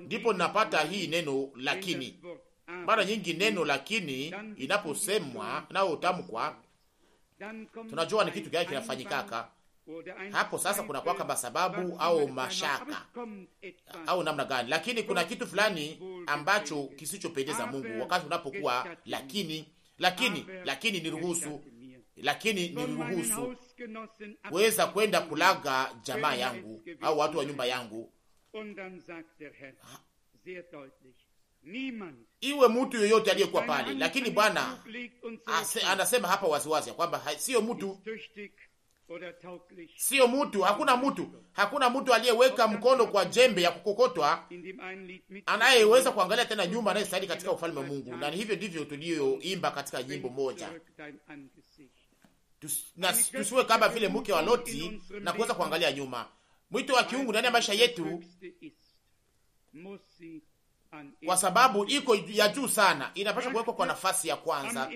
ndipo ninapata hii neno lakini Mm. Mara nyingi neno lakini inaposemwa nao utamkwa, tunajua ni kitu gani kinafanyikaka hapo. Sasa kuna kwaka masababu au mashaka au namna gani, lakini kuna kitu fulani ambacho kisichopendeza Mungu wakati unapokuwa lakini, lakini, lakini niruhusu lakini niruhusu weza kwenda kulaga jamaa yangu au watu wa nyumba yangu ha iwe mtu yoyote aliyekuwa pale, lakini Bwana anasema hapa waziwazi ya kwamba sio mtu, sio mtu, hakuna mtu, hakuna mtu aliyeweka mkono kwa jembe ya kukokotwa anayeweza kuangalia tena nyuma, anayestahili katika ufalme wa Mungu. Na hivyo ndivyo tuliyoimba katika nyimbo moja na tusiwe kama vile mke wa Loti na kuweza kuangalia nyuma. Mwito wa kiungu ndani ya maisha yetu kwa sababu iko ya juu sana, inapaswa kuwekwa kwa nafasi ya kwanza.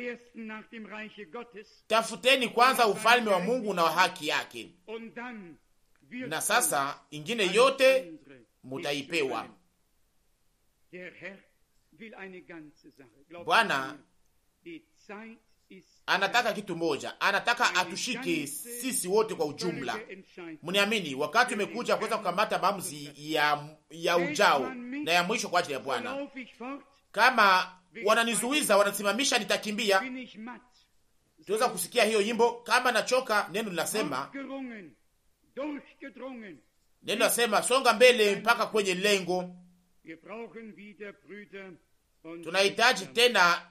Tafuteni kwanza ufalme wa Mungu na wa haki yake, na sasa ingine yote mutaipewa. Bwana anataka kitu moja, anataka atushike sisi wote kwa ujumla. Mniamini, wakati umekuja kuweza kukamata maamuzi ya, ya ujao na ya mwisho kwa ajili ya Bwana. Kama wananizuiza wanasimamisha, nitakimbia. Tuweza kusikia hiyo nyimbo, kama nachoka, neno linasema neno linasema songa mbele mpaka kwenye lengo. Tunahitaji tena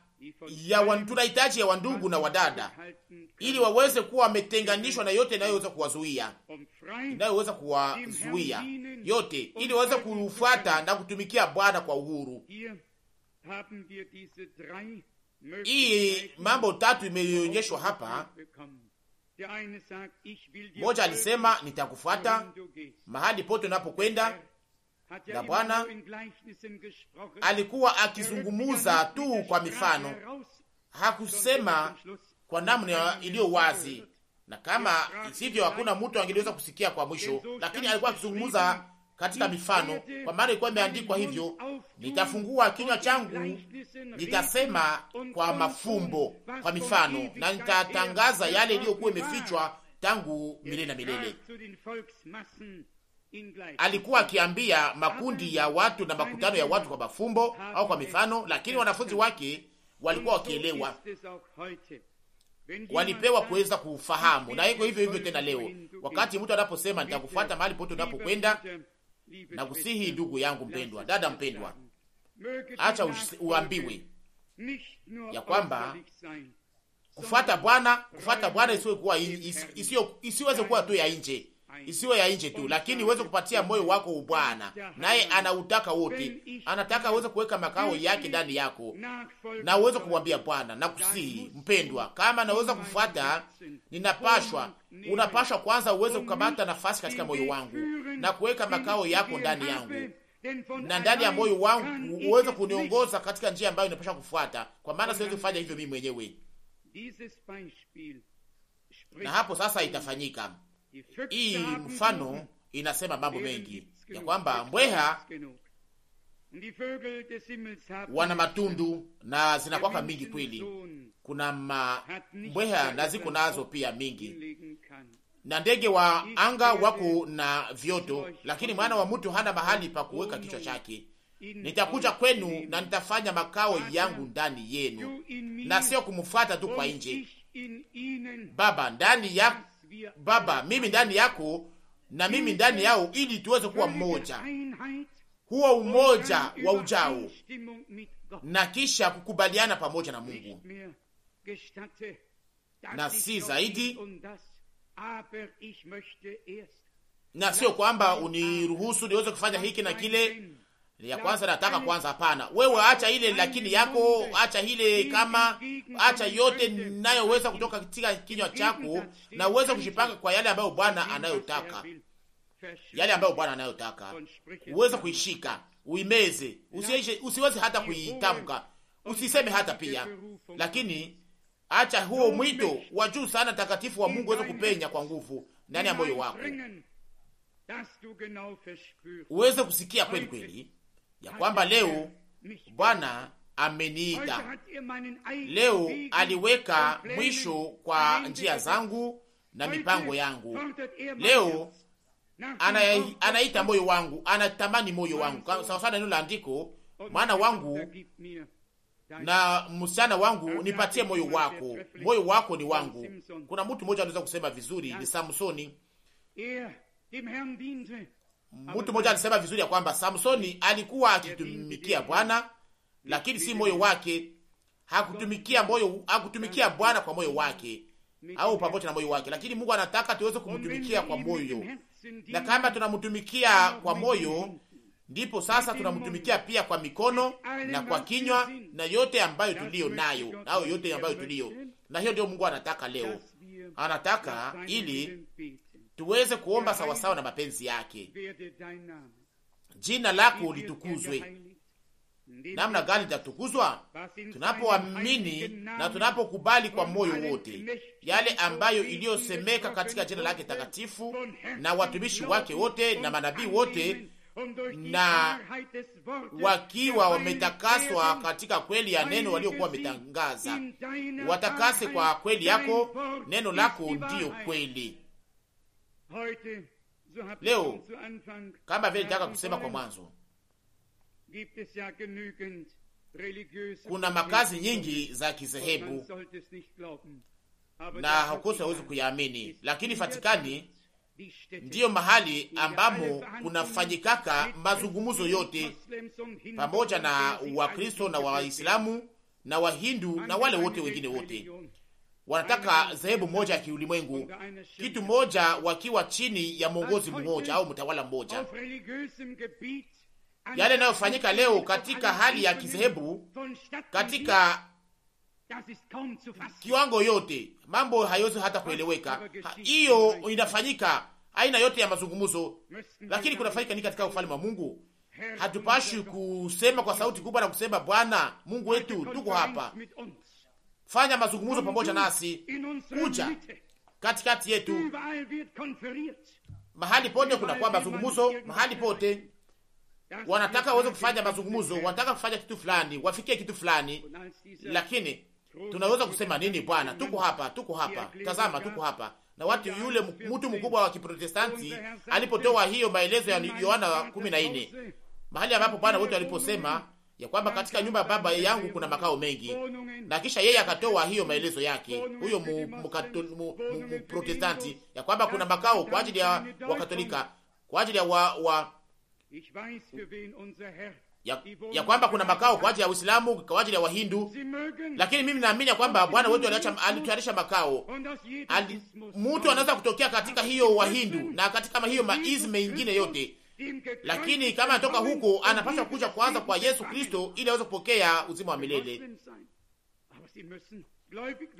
ya tunahitaji ya wandugu na wadada, ili waweze kuwa wametenganishwa na yote inayoweza kuwazuia, inayoweza kuwazuia yote, ili waweze kufuata na kutumikia Bwana kwa uhuru. Hii mambo tatu imeonyeshwa hapa. Moja alisema nitakufuata mahali pote unapokwenda na Bwana alikuwa er akizungumuza tu kwa mifano, hakusema kwa namna iliyo wazi, na kama sivyo hakuna mtu angeliweza kusikia kwa mwisho, lakini alikuwa akizungumuza katika mifano, kwa maana ilikuwa imeandikwa hivyo, nitafungua kinywa changu nitasema kwa mafumbo, kwa mifano, na nitatangaza yale iliyokuwa imefichwa tangu er milele na milele alikuwa akiambia makundi ya watu na makutano ya watu kwa mafumbo au kwa mifano, lakini wanafunzi wake walikuwa wakielewa, walipewa kuweza kufahamu. Na iko hivyo hivyo tena leo, wakati mtu anaposema nitakufuata mahali pote unapokwenda, na kusihi ndugu yangu mpendwa, dada mpendwa, acha uambiwe ya kwamba kufuata Bwana, kufuata Bwana kuwa isiweze kuwa tu ya nje isiwe ya nje tu, lakini uweze kupatia moyo wako Bwana, naye anautaka wote. Anataka uweze kuweka makao yake ndani yako, na uweze kumwambia Bwana na kusihi, mpendwa, kama naweza kufuata, ninapashwa, unapashwa kwanza uweze kukamata nafasi katika moyo wangu na kuweka makao yako ndani yangu na ndani ya moyo wangu uweze kuniongoza katika njia ambayo inapasha kufuata, kwa maana siwezi kufanya hivyo mimi mwenyewe. Na hapo sasa itafanyika hii mfano inasema mambo mengi ya kwamba mbweha wana matundu na zinakwaka mingi kweli. Kuna mbweha na ziko nazo pia mingi, na ndege wa anga wako na vyoto, lakini mwana wa mtu hana mahali pa kuweka kichwa chake. Nitakuja kwenu na nitafanya makao yangu ndani yenu, na sio kumfuata tu kwa nje. Baba, ndani ya Baba, mimi ndani yako na mimi ndani yao, ili tuweze kuwa mmoja, huo umoja wa ujao, na kisha kukubaliana pamoja na Mungu na si zaidi na sio kwamba uniruhusu niweze kufanya hiki na kile, ya kwanza nataka kwanza. Hapana, wewe acha ile lakini yako, acha ile kama, acha yote ninayoweza kutoka katika kinywa chako, na uweze kujipanga kwa yale ambayo Bwana anayotaka, yale ambayo Bwana anayotaka uweze kuishika, uimeze, usiweze hata kuitamka, usiseme hata pia, lakini acha huo mwito wa juu sana takatifu wa Mungu uweze kupenya kwa nguvu ndani ya moyo wako, uweze kusikia kweli kweli ya kwamba leo Bwana ameniita, leo aliweka mwisho kwa njia zangu na mipango yangu, leo anaita moyo wangu, anatamani moyo wangu, sawasana sawa neno la andiko, oh, mwana wangu na msichana wangu, nipatie moyo wako, moyo wako ni wangu. Kuna mtu mmoja anaweza kusema vizuri, ni Samsoni Mtu mmoja alisema vizuri ya kwamba Samsoni alikuwa akitumikia Bwana, lakini si moyo wake. Hakutumikia moyo, hakutumikia Bwana kwa moyo wake au pamoja na moyo wake, lakini Mungu anataka tuweze kumtumikia kwa moyo, na kama tunamtumikia kwa moyo, ndipo sasa tunamtumikia pia kwa mikono na kwa kinywa na yote ambayo tuliyo nayo, au yote ambayo tuliyo na. Hiyo ndio Mungu anataka leo, anataka ili tuweze kuomba sawasawa na mapenzi yake. Jina lako litukuzwe. Namna gani litatukuzwa? Tunapoamini na tunapokubali kwa oh, moyo wote yale ambayo iliyosemeka katika jina lake takatifu, na watumishi wake wote na manabii wote, na wakiwa wametakaswa katika kweli ya neno waliokuwa wametangaza. Watakase kwa kweli yako, neno lako ndiyo kweli. Leo kama vile nitaka kusema kwa mwanzo, kuna makazi nyingi za kizehebu na hukosi hawezi kuyaamini, lakini Vatikani ndiyo mahali ambamo kunafanyikaka mazungumzo yote um pamoja na Wakristo na Waislamu na Wahindu na wale wote wengine wote wanataka dhehebu moja ya kiulimwengu, kitu moja, wakiwa chini ya mwongozi mmoja au mtawala mmoja. Yale yanayofanyika leo katika hali ya kidhehebu katika kiwango yote, mambo hayozi hata kueleweka. Hiyo ha, inafanyika aina yote ya mazungumzo, lakini kunafanyika ni katika ufalme wa Mungu. Hatupashi kusema kwa sauti kubwa na kusema Bwana Mungu wetu, tuko hapa, fanya mazungumzo pamoja nasi, kuja katikati yetu. Mahali pote kunakuwa mazungumzo, mahali pote wanataka waweze kufanya mazungumzo, wanataka kufanya kitu fulani, wafikie kitu fulani, lakini tunaweza kusema nini? Bwana, tuko hapa, tuko hapa, tazama, tuko hapa. Na watu yule mtu mkubwa wa Kiprotestanti alipotoa hiyo maelezo ya Yohana 14 mahali ambapo Bwana wetu aliposema ya kwamba katika nyumba ya baba yangu kuna makao mengi, na kisha yeye akatoa hiyo maelezo yake, huyo Mprotestanti ya kwamba kuna makao kwa ajili ya Wakatolika, kwa ajili ya wa, wa ya, ya kwamba kuna makao kwa ajili ya Uislamu, kwa ajili ya Wahindu. Lakini mimi naamini ya kwamba Bwana wetu alitayarisha makao. Mtu anaweza kutokea katika hiyo Wahindu na katika hiyo maizi mengine yote lakini kama anatoka huko, anapaswa kuja kwanza kwa Yesu Kristo ili aweze kupokea uzima wa milele.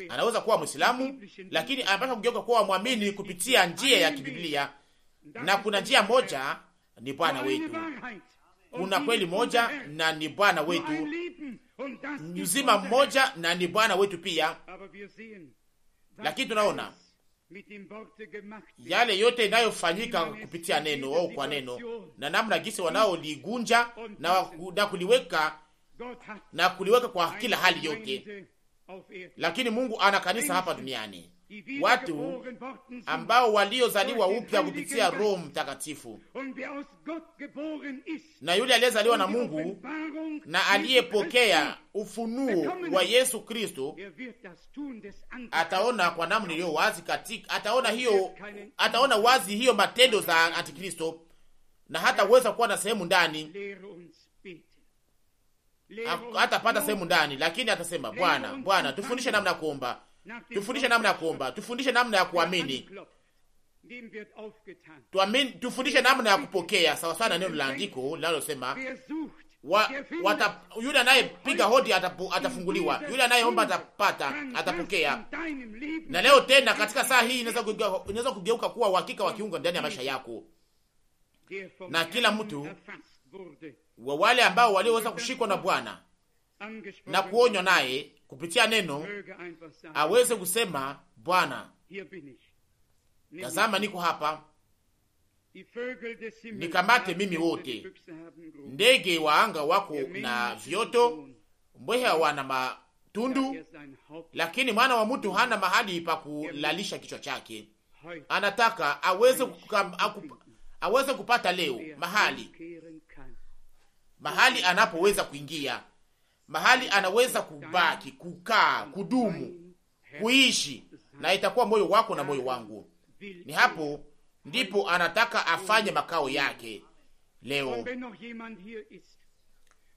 Anaweza kuwa Mwislamu, lakini anapaswa kugeuka kuwa mwamini kupitia njia ya kibiblia, na kuna njia moja, ni Bwana wetu. Kuna kweli moja, na ni Bwana wetu. Uzima mmoja, na ni Bwana wetu pia. Lakini tunaona yale yote inayofanyika kupitia neno au kwa neno na namna gisi wanaoligunja na, na kuliweka na kuliweka kwa kila hali yote, lakini Mungu ana kanisa hapa duniani watu ambao waliozaliwa upya kupitia Roho Mtakatifu, na yule aliyezaliwa na Mungu na aliyepokea ufunuo wa Yesu Kristo ataona kwa namna iliyo wazi katika, ataona hiyo, ataona wazi hiyo matendo za Antikristo na hataweza kuwa na sehemu ndani, hatapata sehemu ndani, lakini atasema Bwana, Bwana, tufundishe namna ya kuomba Tufundishe namna ya kuomba, tufundishe namna ya kuamini, tufundishe namna ya kupokea, sawa sawa na neno la andiko linalosema wa, wata, yule anayepiga hodi atapu, atafunguliwa, yule anayeomba atapata, atapokea. Na leo tena katika saa hii inaweza kugeuka kuwa uhakika wa kiungo ndani ya maisha yako, na kila mtu wa wale ambao walioweza kushikwa na Bwana na kuonywa naye kupitia neno aweze kusema Bwana, tazama, niko hapa, nikamate mimi wote. Ndege wa anga wako na vyoto, mbweha wana matundu, lakini mwana wa mtu hana mahali pa kulalisha kichwa chake. Anataka aweze aweze kupata leo mahali mahali anapoweza kuingia mahali anaweza kubaki, kukaa, kudumu, kuishi, na itakuwa moyo wako na moyo wangu. Ni hapo ndipo anataka afanye makao yake leo.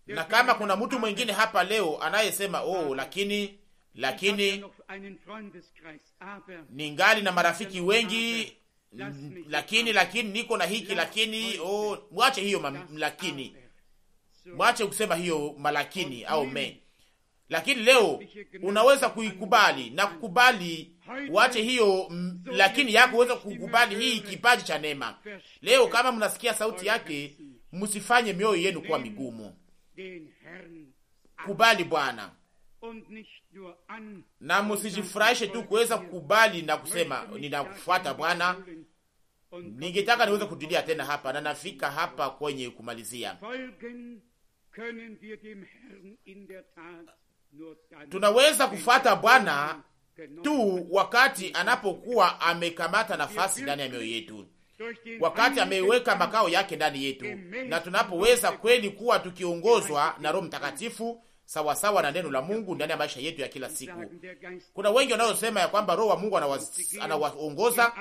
Na kama kuna mtu mwingine hapa leo anayesema oh, lakini lakini ngali na marafiki wengi, lakini lakini niko na hiki, lakini oh, mwache hiyo lakini mwache kusema hiyo malakini au me, lakini leo unaweza kuikubali na kukubali, wache hiyo lakini yako uweza kukubali hii kipaji cha neema leo. Kama mnasikia sauti yake, msifanye mioyo yenu kuwa migumu. Kubali Bwana na msijifurahishe tu kuweza kukubali na kusema ninakufuata Bwana. Ningetaka niweze kudilia tena hapa na nafika hapa kwenye kumalizia. Tunaweza kufuata Bwana tu wakati anapokuwa amekamata nafasi ndani ya mioyo yetu, wakati ameweka makao yake ndani yetu, na tunapoweza kweli kuwa tukiongozwa na Roho Mtakatifu sawasawa na neno la Mungu ndani ya maisha yetu ya kila siku. Kuna wengi wanaosema ya kwamba Roho wa Mungu anawaongoza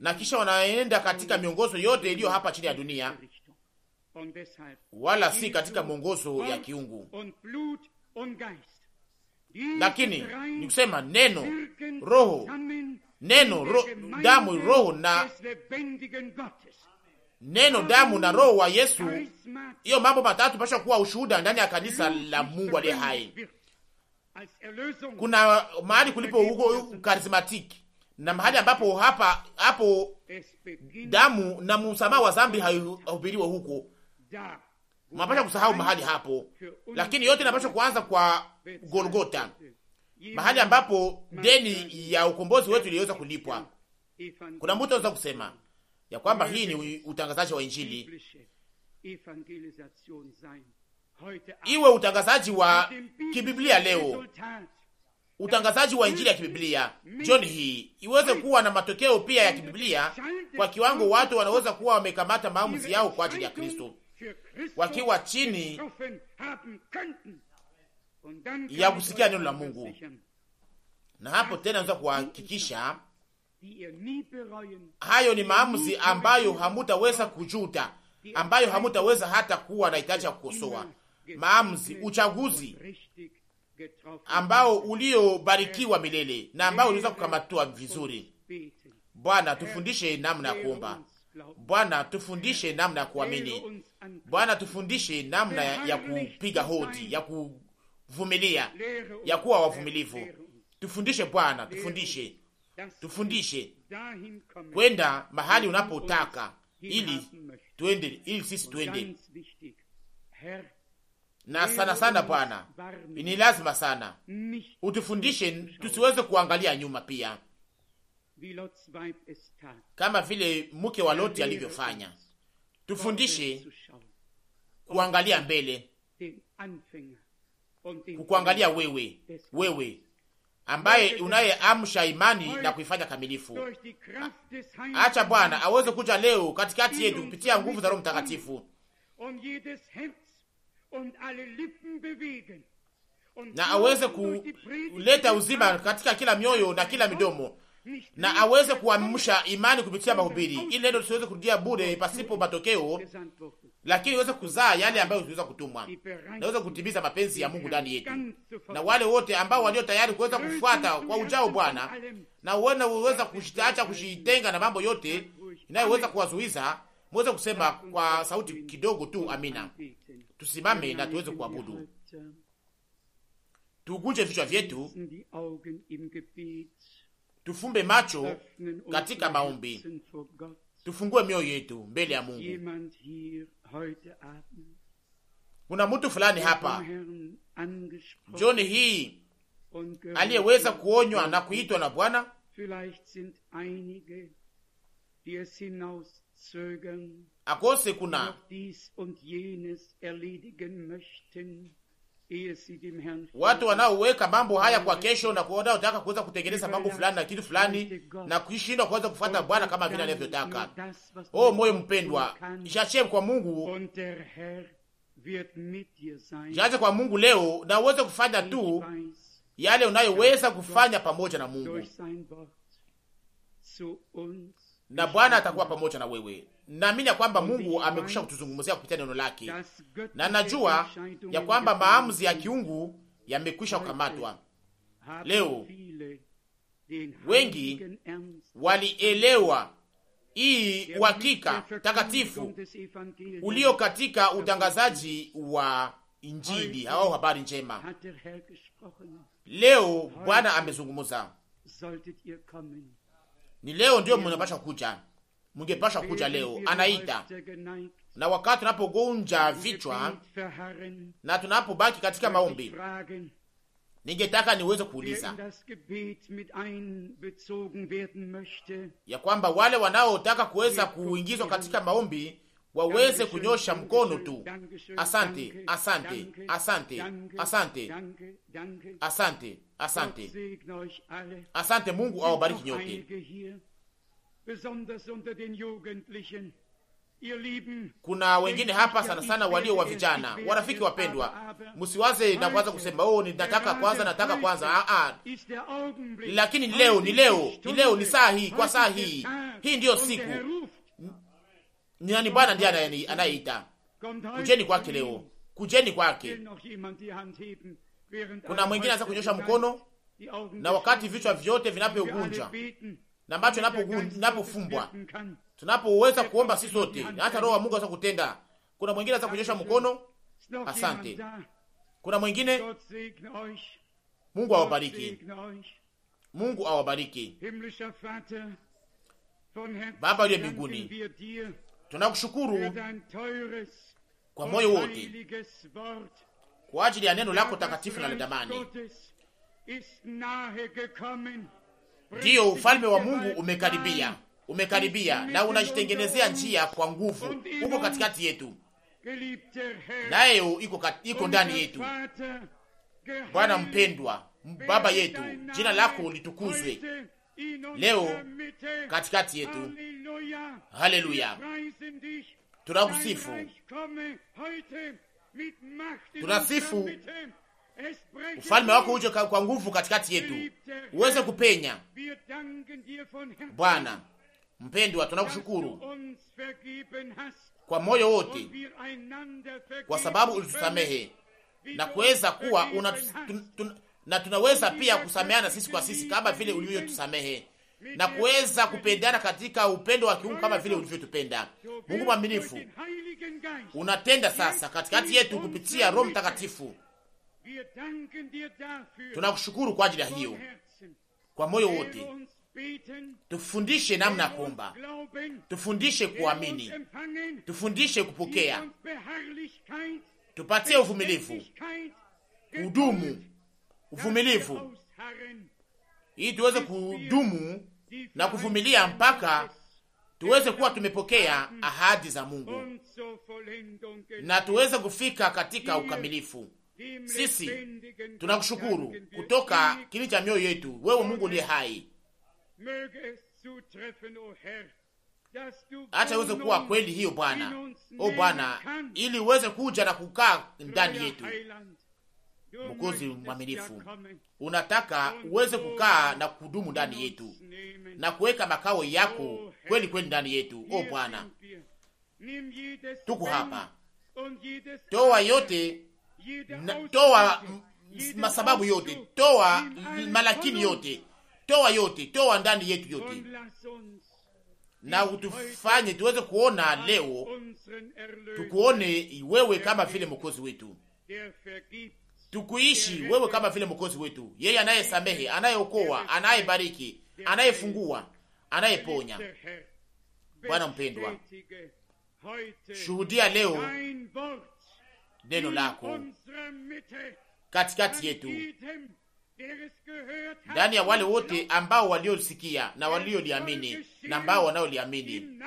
na kisha wanaenda katika miongozo yote iliyo hapa chini ya dunia wala si katika mwongozo ya kiungu, lakini ni kusema neno, roho, neno ro, damu, roho na neno, damu na roho wa Yesu. Hiyo mambo matatu pasha kuwa ushuhuda ndani ya kanisa la Mungu aliye hai. Kuna mahali kulipo huko karismatiki na mahali ambapo hapa hapo damu na msamaha wa dhambi hahubiriwe huko Mnapasha kusahau mahali hapo, lakini yote inapaswa kuanza kwa Golgota, mahali ambapo deni ya ukombozi wetu iliweza kulipwa. Kuna mtu anaweza kusema ya kwamba hii ni utangazaji wa Injili, iwe utangazaji wa kibiblia leo, utangazaji wa Injili ya kibiblia jioni hii iweze kuwa na matokeo pia ya kibiblia, kwa kiwango watu wanaweza kuwa wamekamata maamuzi yao kwa ajili ya Kristo wakiwa chini ya kusikia neno la Mungu, na hapo tena naweza kuhakikisha hayo ni maamuzi ambayo hamutaweza kujuta, ambayo hamutaweza hata kuwa na hitaji ya kukosoa. Maamuzi, uchaguzi ambao uliobarikiwa er milele na ambao uliweza kukamatua vizuri. Bwana, er tufundishe namna ya kuomba. Bwana tufundishe namna ya kuamini. Bwana tufundishe namna ya kupiga hodi, ya kuvumilia, ya kuwa wavumilivu. Tufundishe Bwana, tufundishe, tufundishe kwenda mahali unapotaka, ili tuende, ili sisi tuende. Na sana sana Bwana, ni lazima sana utufundishe, tusiweze kuangalia nyuma pia kama vile mke wa Loti alivyofanya. Tufundishe kuangalia mbele, kukuangalia wewe, wewe ambaye unayeamsha imani na kuifanya kamilifu. Acha Bwana aweze kuja leo katikati yetu kupitia nguvu za Roho Mtakatifu na aweze kuleta uzima katika kila mioyo na kila midomo na aweze kuamsha imani kupitia mahubiri, ili neno lisiweze kurudia bure pasipo matokeo, lakini iweze kuzaa yale ambayo tuliweza kutumwa, naweze kutimiza mapenzi ya Mungu ndani yetu, na wale wote ambao walio tayari kuweza kufuata kwa ujao Bwana, na uone uweza kushitaacha kushitenga na mambo yote inayoweza kuwazuiza, muweze kusema kwa sauti kidogo tu amina. Tusimame na tuweze kuabudu, tugunje vichwa vyetu Tufumbe macho katika maombi, tufungue mioyo yetu mbele ya Mungu. Kuna mtu fulani hapa jioni hii aliyeweza kuonywa na kuitwa na Bwana. Akose kuna E watu wanaoweka mambo haya kwa kesho na utaka kuweza kutengeneza mambo fulani na kitu fulani na kushindwa kuweza kufuata Bwana kama vile anavyotaka. Oh, moyo mpendwa, jache kwa Mungu, jache kwa Mungu leo, na uweze kufanya tu yale unayoweza kufanya pamoja na Mungu, na Bwana atakuwa pamoja na wewe naamini ya kwamba Mungu amekwisha kutuzungumzia kupitia neno lake, na najua ya kwamba maamuzi ya kiungu yamekwisha kukamatwa. Leo wengi walielewa hii uhakika takatifu ulio katika utangazaji wa Injili au habari njema. Leo Bwana amezungumza, ni leo ndio mnapasha kuja mungepasha kuja leo. Anaita, na wakati tunapogunja vichwa na tunapobaki katika maombi, ningetaka niweze kuuliza ya kwamba wale wanaotaka kuweza kuingizwa katika maombi waweze kunyosha mkono tu. Asante, asante, asante, asante, asante, asante, asante. Mungu awabariki nyote. Kuna wengine hapa sana sana walio wa vijana. Warafiki wapendwa, msiwaze na kwanza kusema oh, ninataka kwanza, nataka kwanza. Ah, ah, lakini leo ni leo, ni leo, ni saa hii, kwa saa hii, hii ndiyo siku. Ni nani? Bwana ndiye anayeita. Kujeni kwake leo, kujeni kwake. Kuna mwingine anaweza kunyosha mkono, na wakati vichwa vyote vinapogunja na macho yanapofumbwa, tunapoweza kuomba sisi sote, hata roho wa Mungu aweza kutenda. Kuna mwingine aweza kunyosha mkono. Asante. Kuna mwingine. Mungu awabariki, Mungu awabariki. Baba uliye mbinguni, tunakushukuru kwa moyo wote kwa ajili ya neno lako takatifu na la damani Ndiyo, ufalme wa Mungu umekaribia, umekaribia na unajitengenezea njia kwa nguvu, uko katikati yetu, nayo iko iko ndani yetu. Bwana mpendwa, Baba yetu, jina lako litukuzwe leo katikati yetu. Haleluya, tunakusifu, tunasifu ufalme wako uje kwa nguvu katikati yetu, uweze kupenya. Bwana mpendwa, tunakushukuru kwa moyo wote, kwa sababu ulitusamehe na kuweza kuwa una, tun, tun, na tunaweza pia kusameana sisi kwa sisi kama vile ulivyotusamehe na kuweza kupendana katika upendo wa kiungu kama vile ulivyotupenda. Mungu mwaminifu, unatenda sasa katikati yetu kupitia Roho Mtakatifu. Tunakushukuru kwa ajili ya hiyo kwa moyo wote. Tufundishe namna ya kuomba, tufundishe kuamini, tufundishe kupokea, tupatie uvumilivu, kudumu, uvumilivu, ili tuweze kudumu na kuvumilia mpaka tuweze kuwa tumepokea ahadi za Mungu na tuweze kufika katika ukamilifu. Sisi tunakushukuru kutoka kili cha mioyo yetu, wewe Mungu uliye hai. Acha iweze kuwa kweli hiyo Bwana, o Bwana, ili uweze kuja na kukaa ndani yetu. mkozi mwaminifu, unataka uweze kukaa na kudumu ndani yetu na kuweka makao yako kweli kweli ndani yetu. O Bwana, tuko hapa, toa yote na, toa masababu yote, toa malakini yote, toa yote, toa ndani yetu yote, na utufanye tuweze kuona leo, tukuone wewe kama vile mwokozi wetu, tukuishi wewe kama vile mwokozi wetu, yeye anayesamehe, anayeokoa, anayebariki, anayefungua, anayeponya. Bwana mpendwa, shuhudia leo neno lako katikati yetu, ndani ya wale wote ambao waliosikia na walioliamini na ambao wanaoliamini,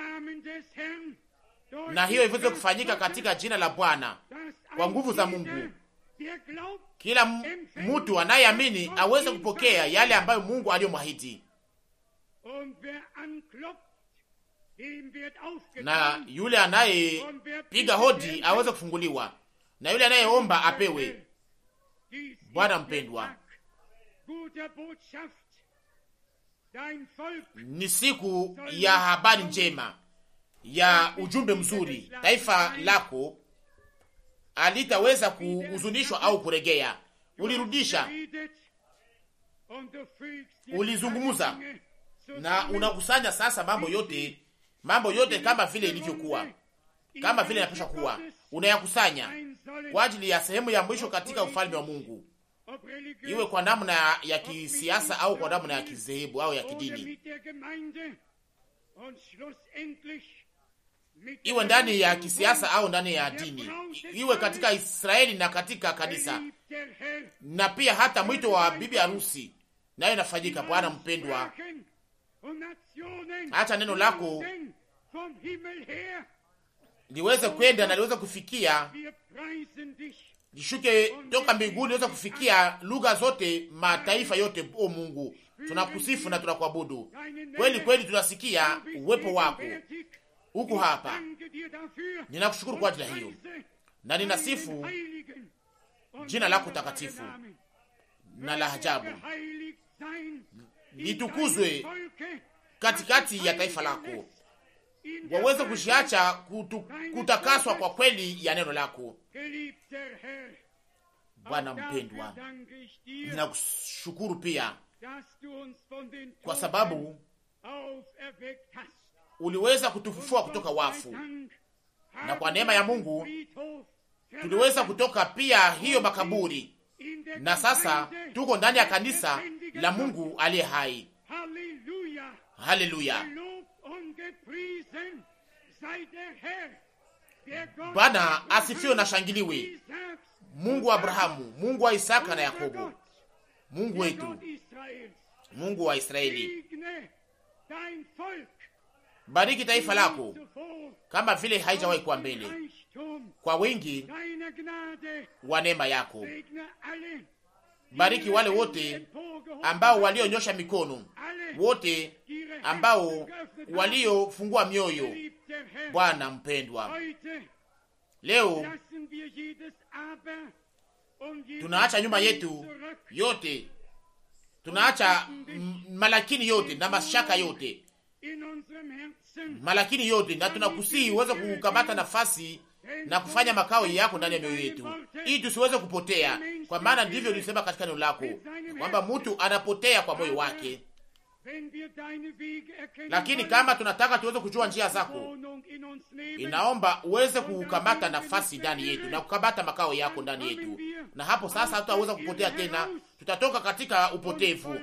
na hiyo iweze kufanyika katika jina la Bwana kwa nguvu za Mungu, kila mtu anayeamini aweze kupokea yale ambayo Mungu aliyomwahidi na yule anayepiga hodi aweze kufunguliwa, na yule anayeomba apewe. Bwana mpendwa, ni siku ya habari njema ya ujumbe mzuri. Taifa lako alitaweza kuhuzunishwa au kuregea. Ulirudisha, ulizungumza na unakusanya sasa mambo yote, mambo yote kama vile ilivyokuwa, kama vile inapasha kuwa, unayakusanya kwa ajili ya sehemu ya mwisho katika ufalme wa Mungu, iwe kwa namna ya kisiasa au kwa namna ya kizehebu au ya kidini, iwe ndani ya kisiasa au ndani ya dini, iwe katika Israeli na katika kanisa, na pia hata mwito wa bibi harusi nayo inafanyika. Bwana mpendwa, acha neno lako liweze kwenda na liweze kufikia, lishuke toka mbinguni, liweze kufikia lugha zote, mataifa yote. O Mungu, tunakusifu na tunakuabudu kweli kweli, tunasikia uwepo wako huku hapa. Ninakushukuru kwa ajili hiyo na ninasifu jina lako takatifu na la ajabu, litukuzwe katikati ya taifa lako waweze kushiacha kutakaswa kwa kweli ya neno lako. Bwana mpendwa, ninakushukuru pia kwa sababu uliweza kutufufua kutoka wafu, na kwa neema ya Mungu tuliweza kutoka pia hiyo makaburi, na sasa tuko ndani ya kanisa la Mungu aliye hai. Haleluya! Bwana asifiwe na shangiliwe, Mungu wa Abrahamu, Mungu wa Isaka na Yakobo, Mungu wetu, Mungu wa Israeli. Bariki taifa lako kama vile haijawahi kuwa mbele, kwa wingi wa neema yako bariki wale wote ambao walionyosha mikono, wote ambao waliofungua mioyo. Bwana mpendwa, leo tunaacha nyuma yetu yote, tunaacha malakini yote na mashaka yote, malakini yote, na tunakusii uweze kukamata nafasi na kufanya makao yako ndani ya mioyo yetu, ili tusiweze kupotea, kwa maana ndivyo ulisema katika neno lako kwamba mtu anapotea kwa moyo wake. Lakini kama tunataka tuweze kujua njia zako, inaomba uweze kukamata nafasi ndani yetu na kukamata makao yako ndani yetu, na hapo sasa hatutaweza kupotea tena. Tutatoka katika upotevu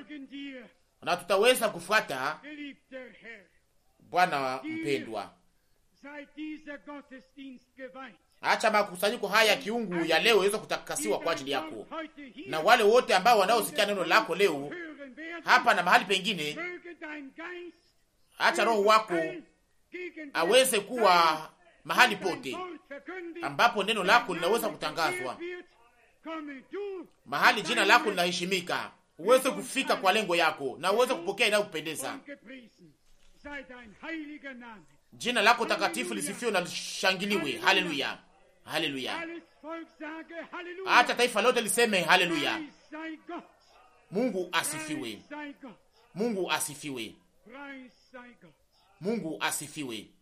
na tutaweza kufuata Bwana mpendwa. Acha makusanyiko haya ya kiungu ya leo iweze kutakasiwa kwa ajili yako, na wale wote ambao wanaosikia neno lako leo hapa na mahali pengine, acha roho wako aweze kuwa mahali pote ambapo neno lako linaweza kutangazwa, mahali jina lako linaheshimika, uweze kufika kwa lengo yako na uweze kupokea inayokupendeza. Jina lako takatifu lisifiwe na lishangiliwe. Haleluya, haleluya! Hata taifa lote liseme haleluya. Mungu asifiwe, Mungu asifiwe, Mungu asifiwe.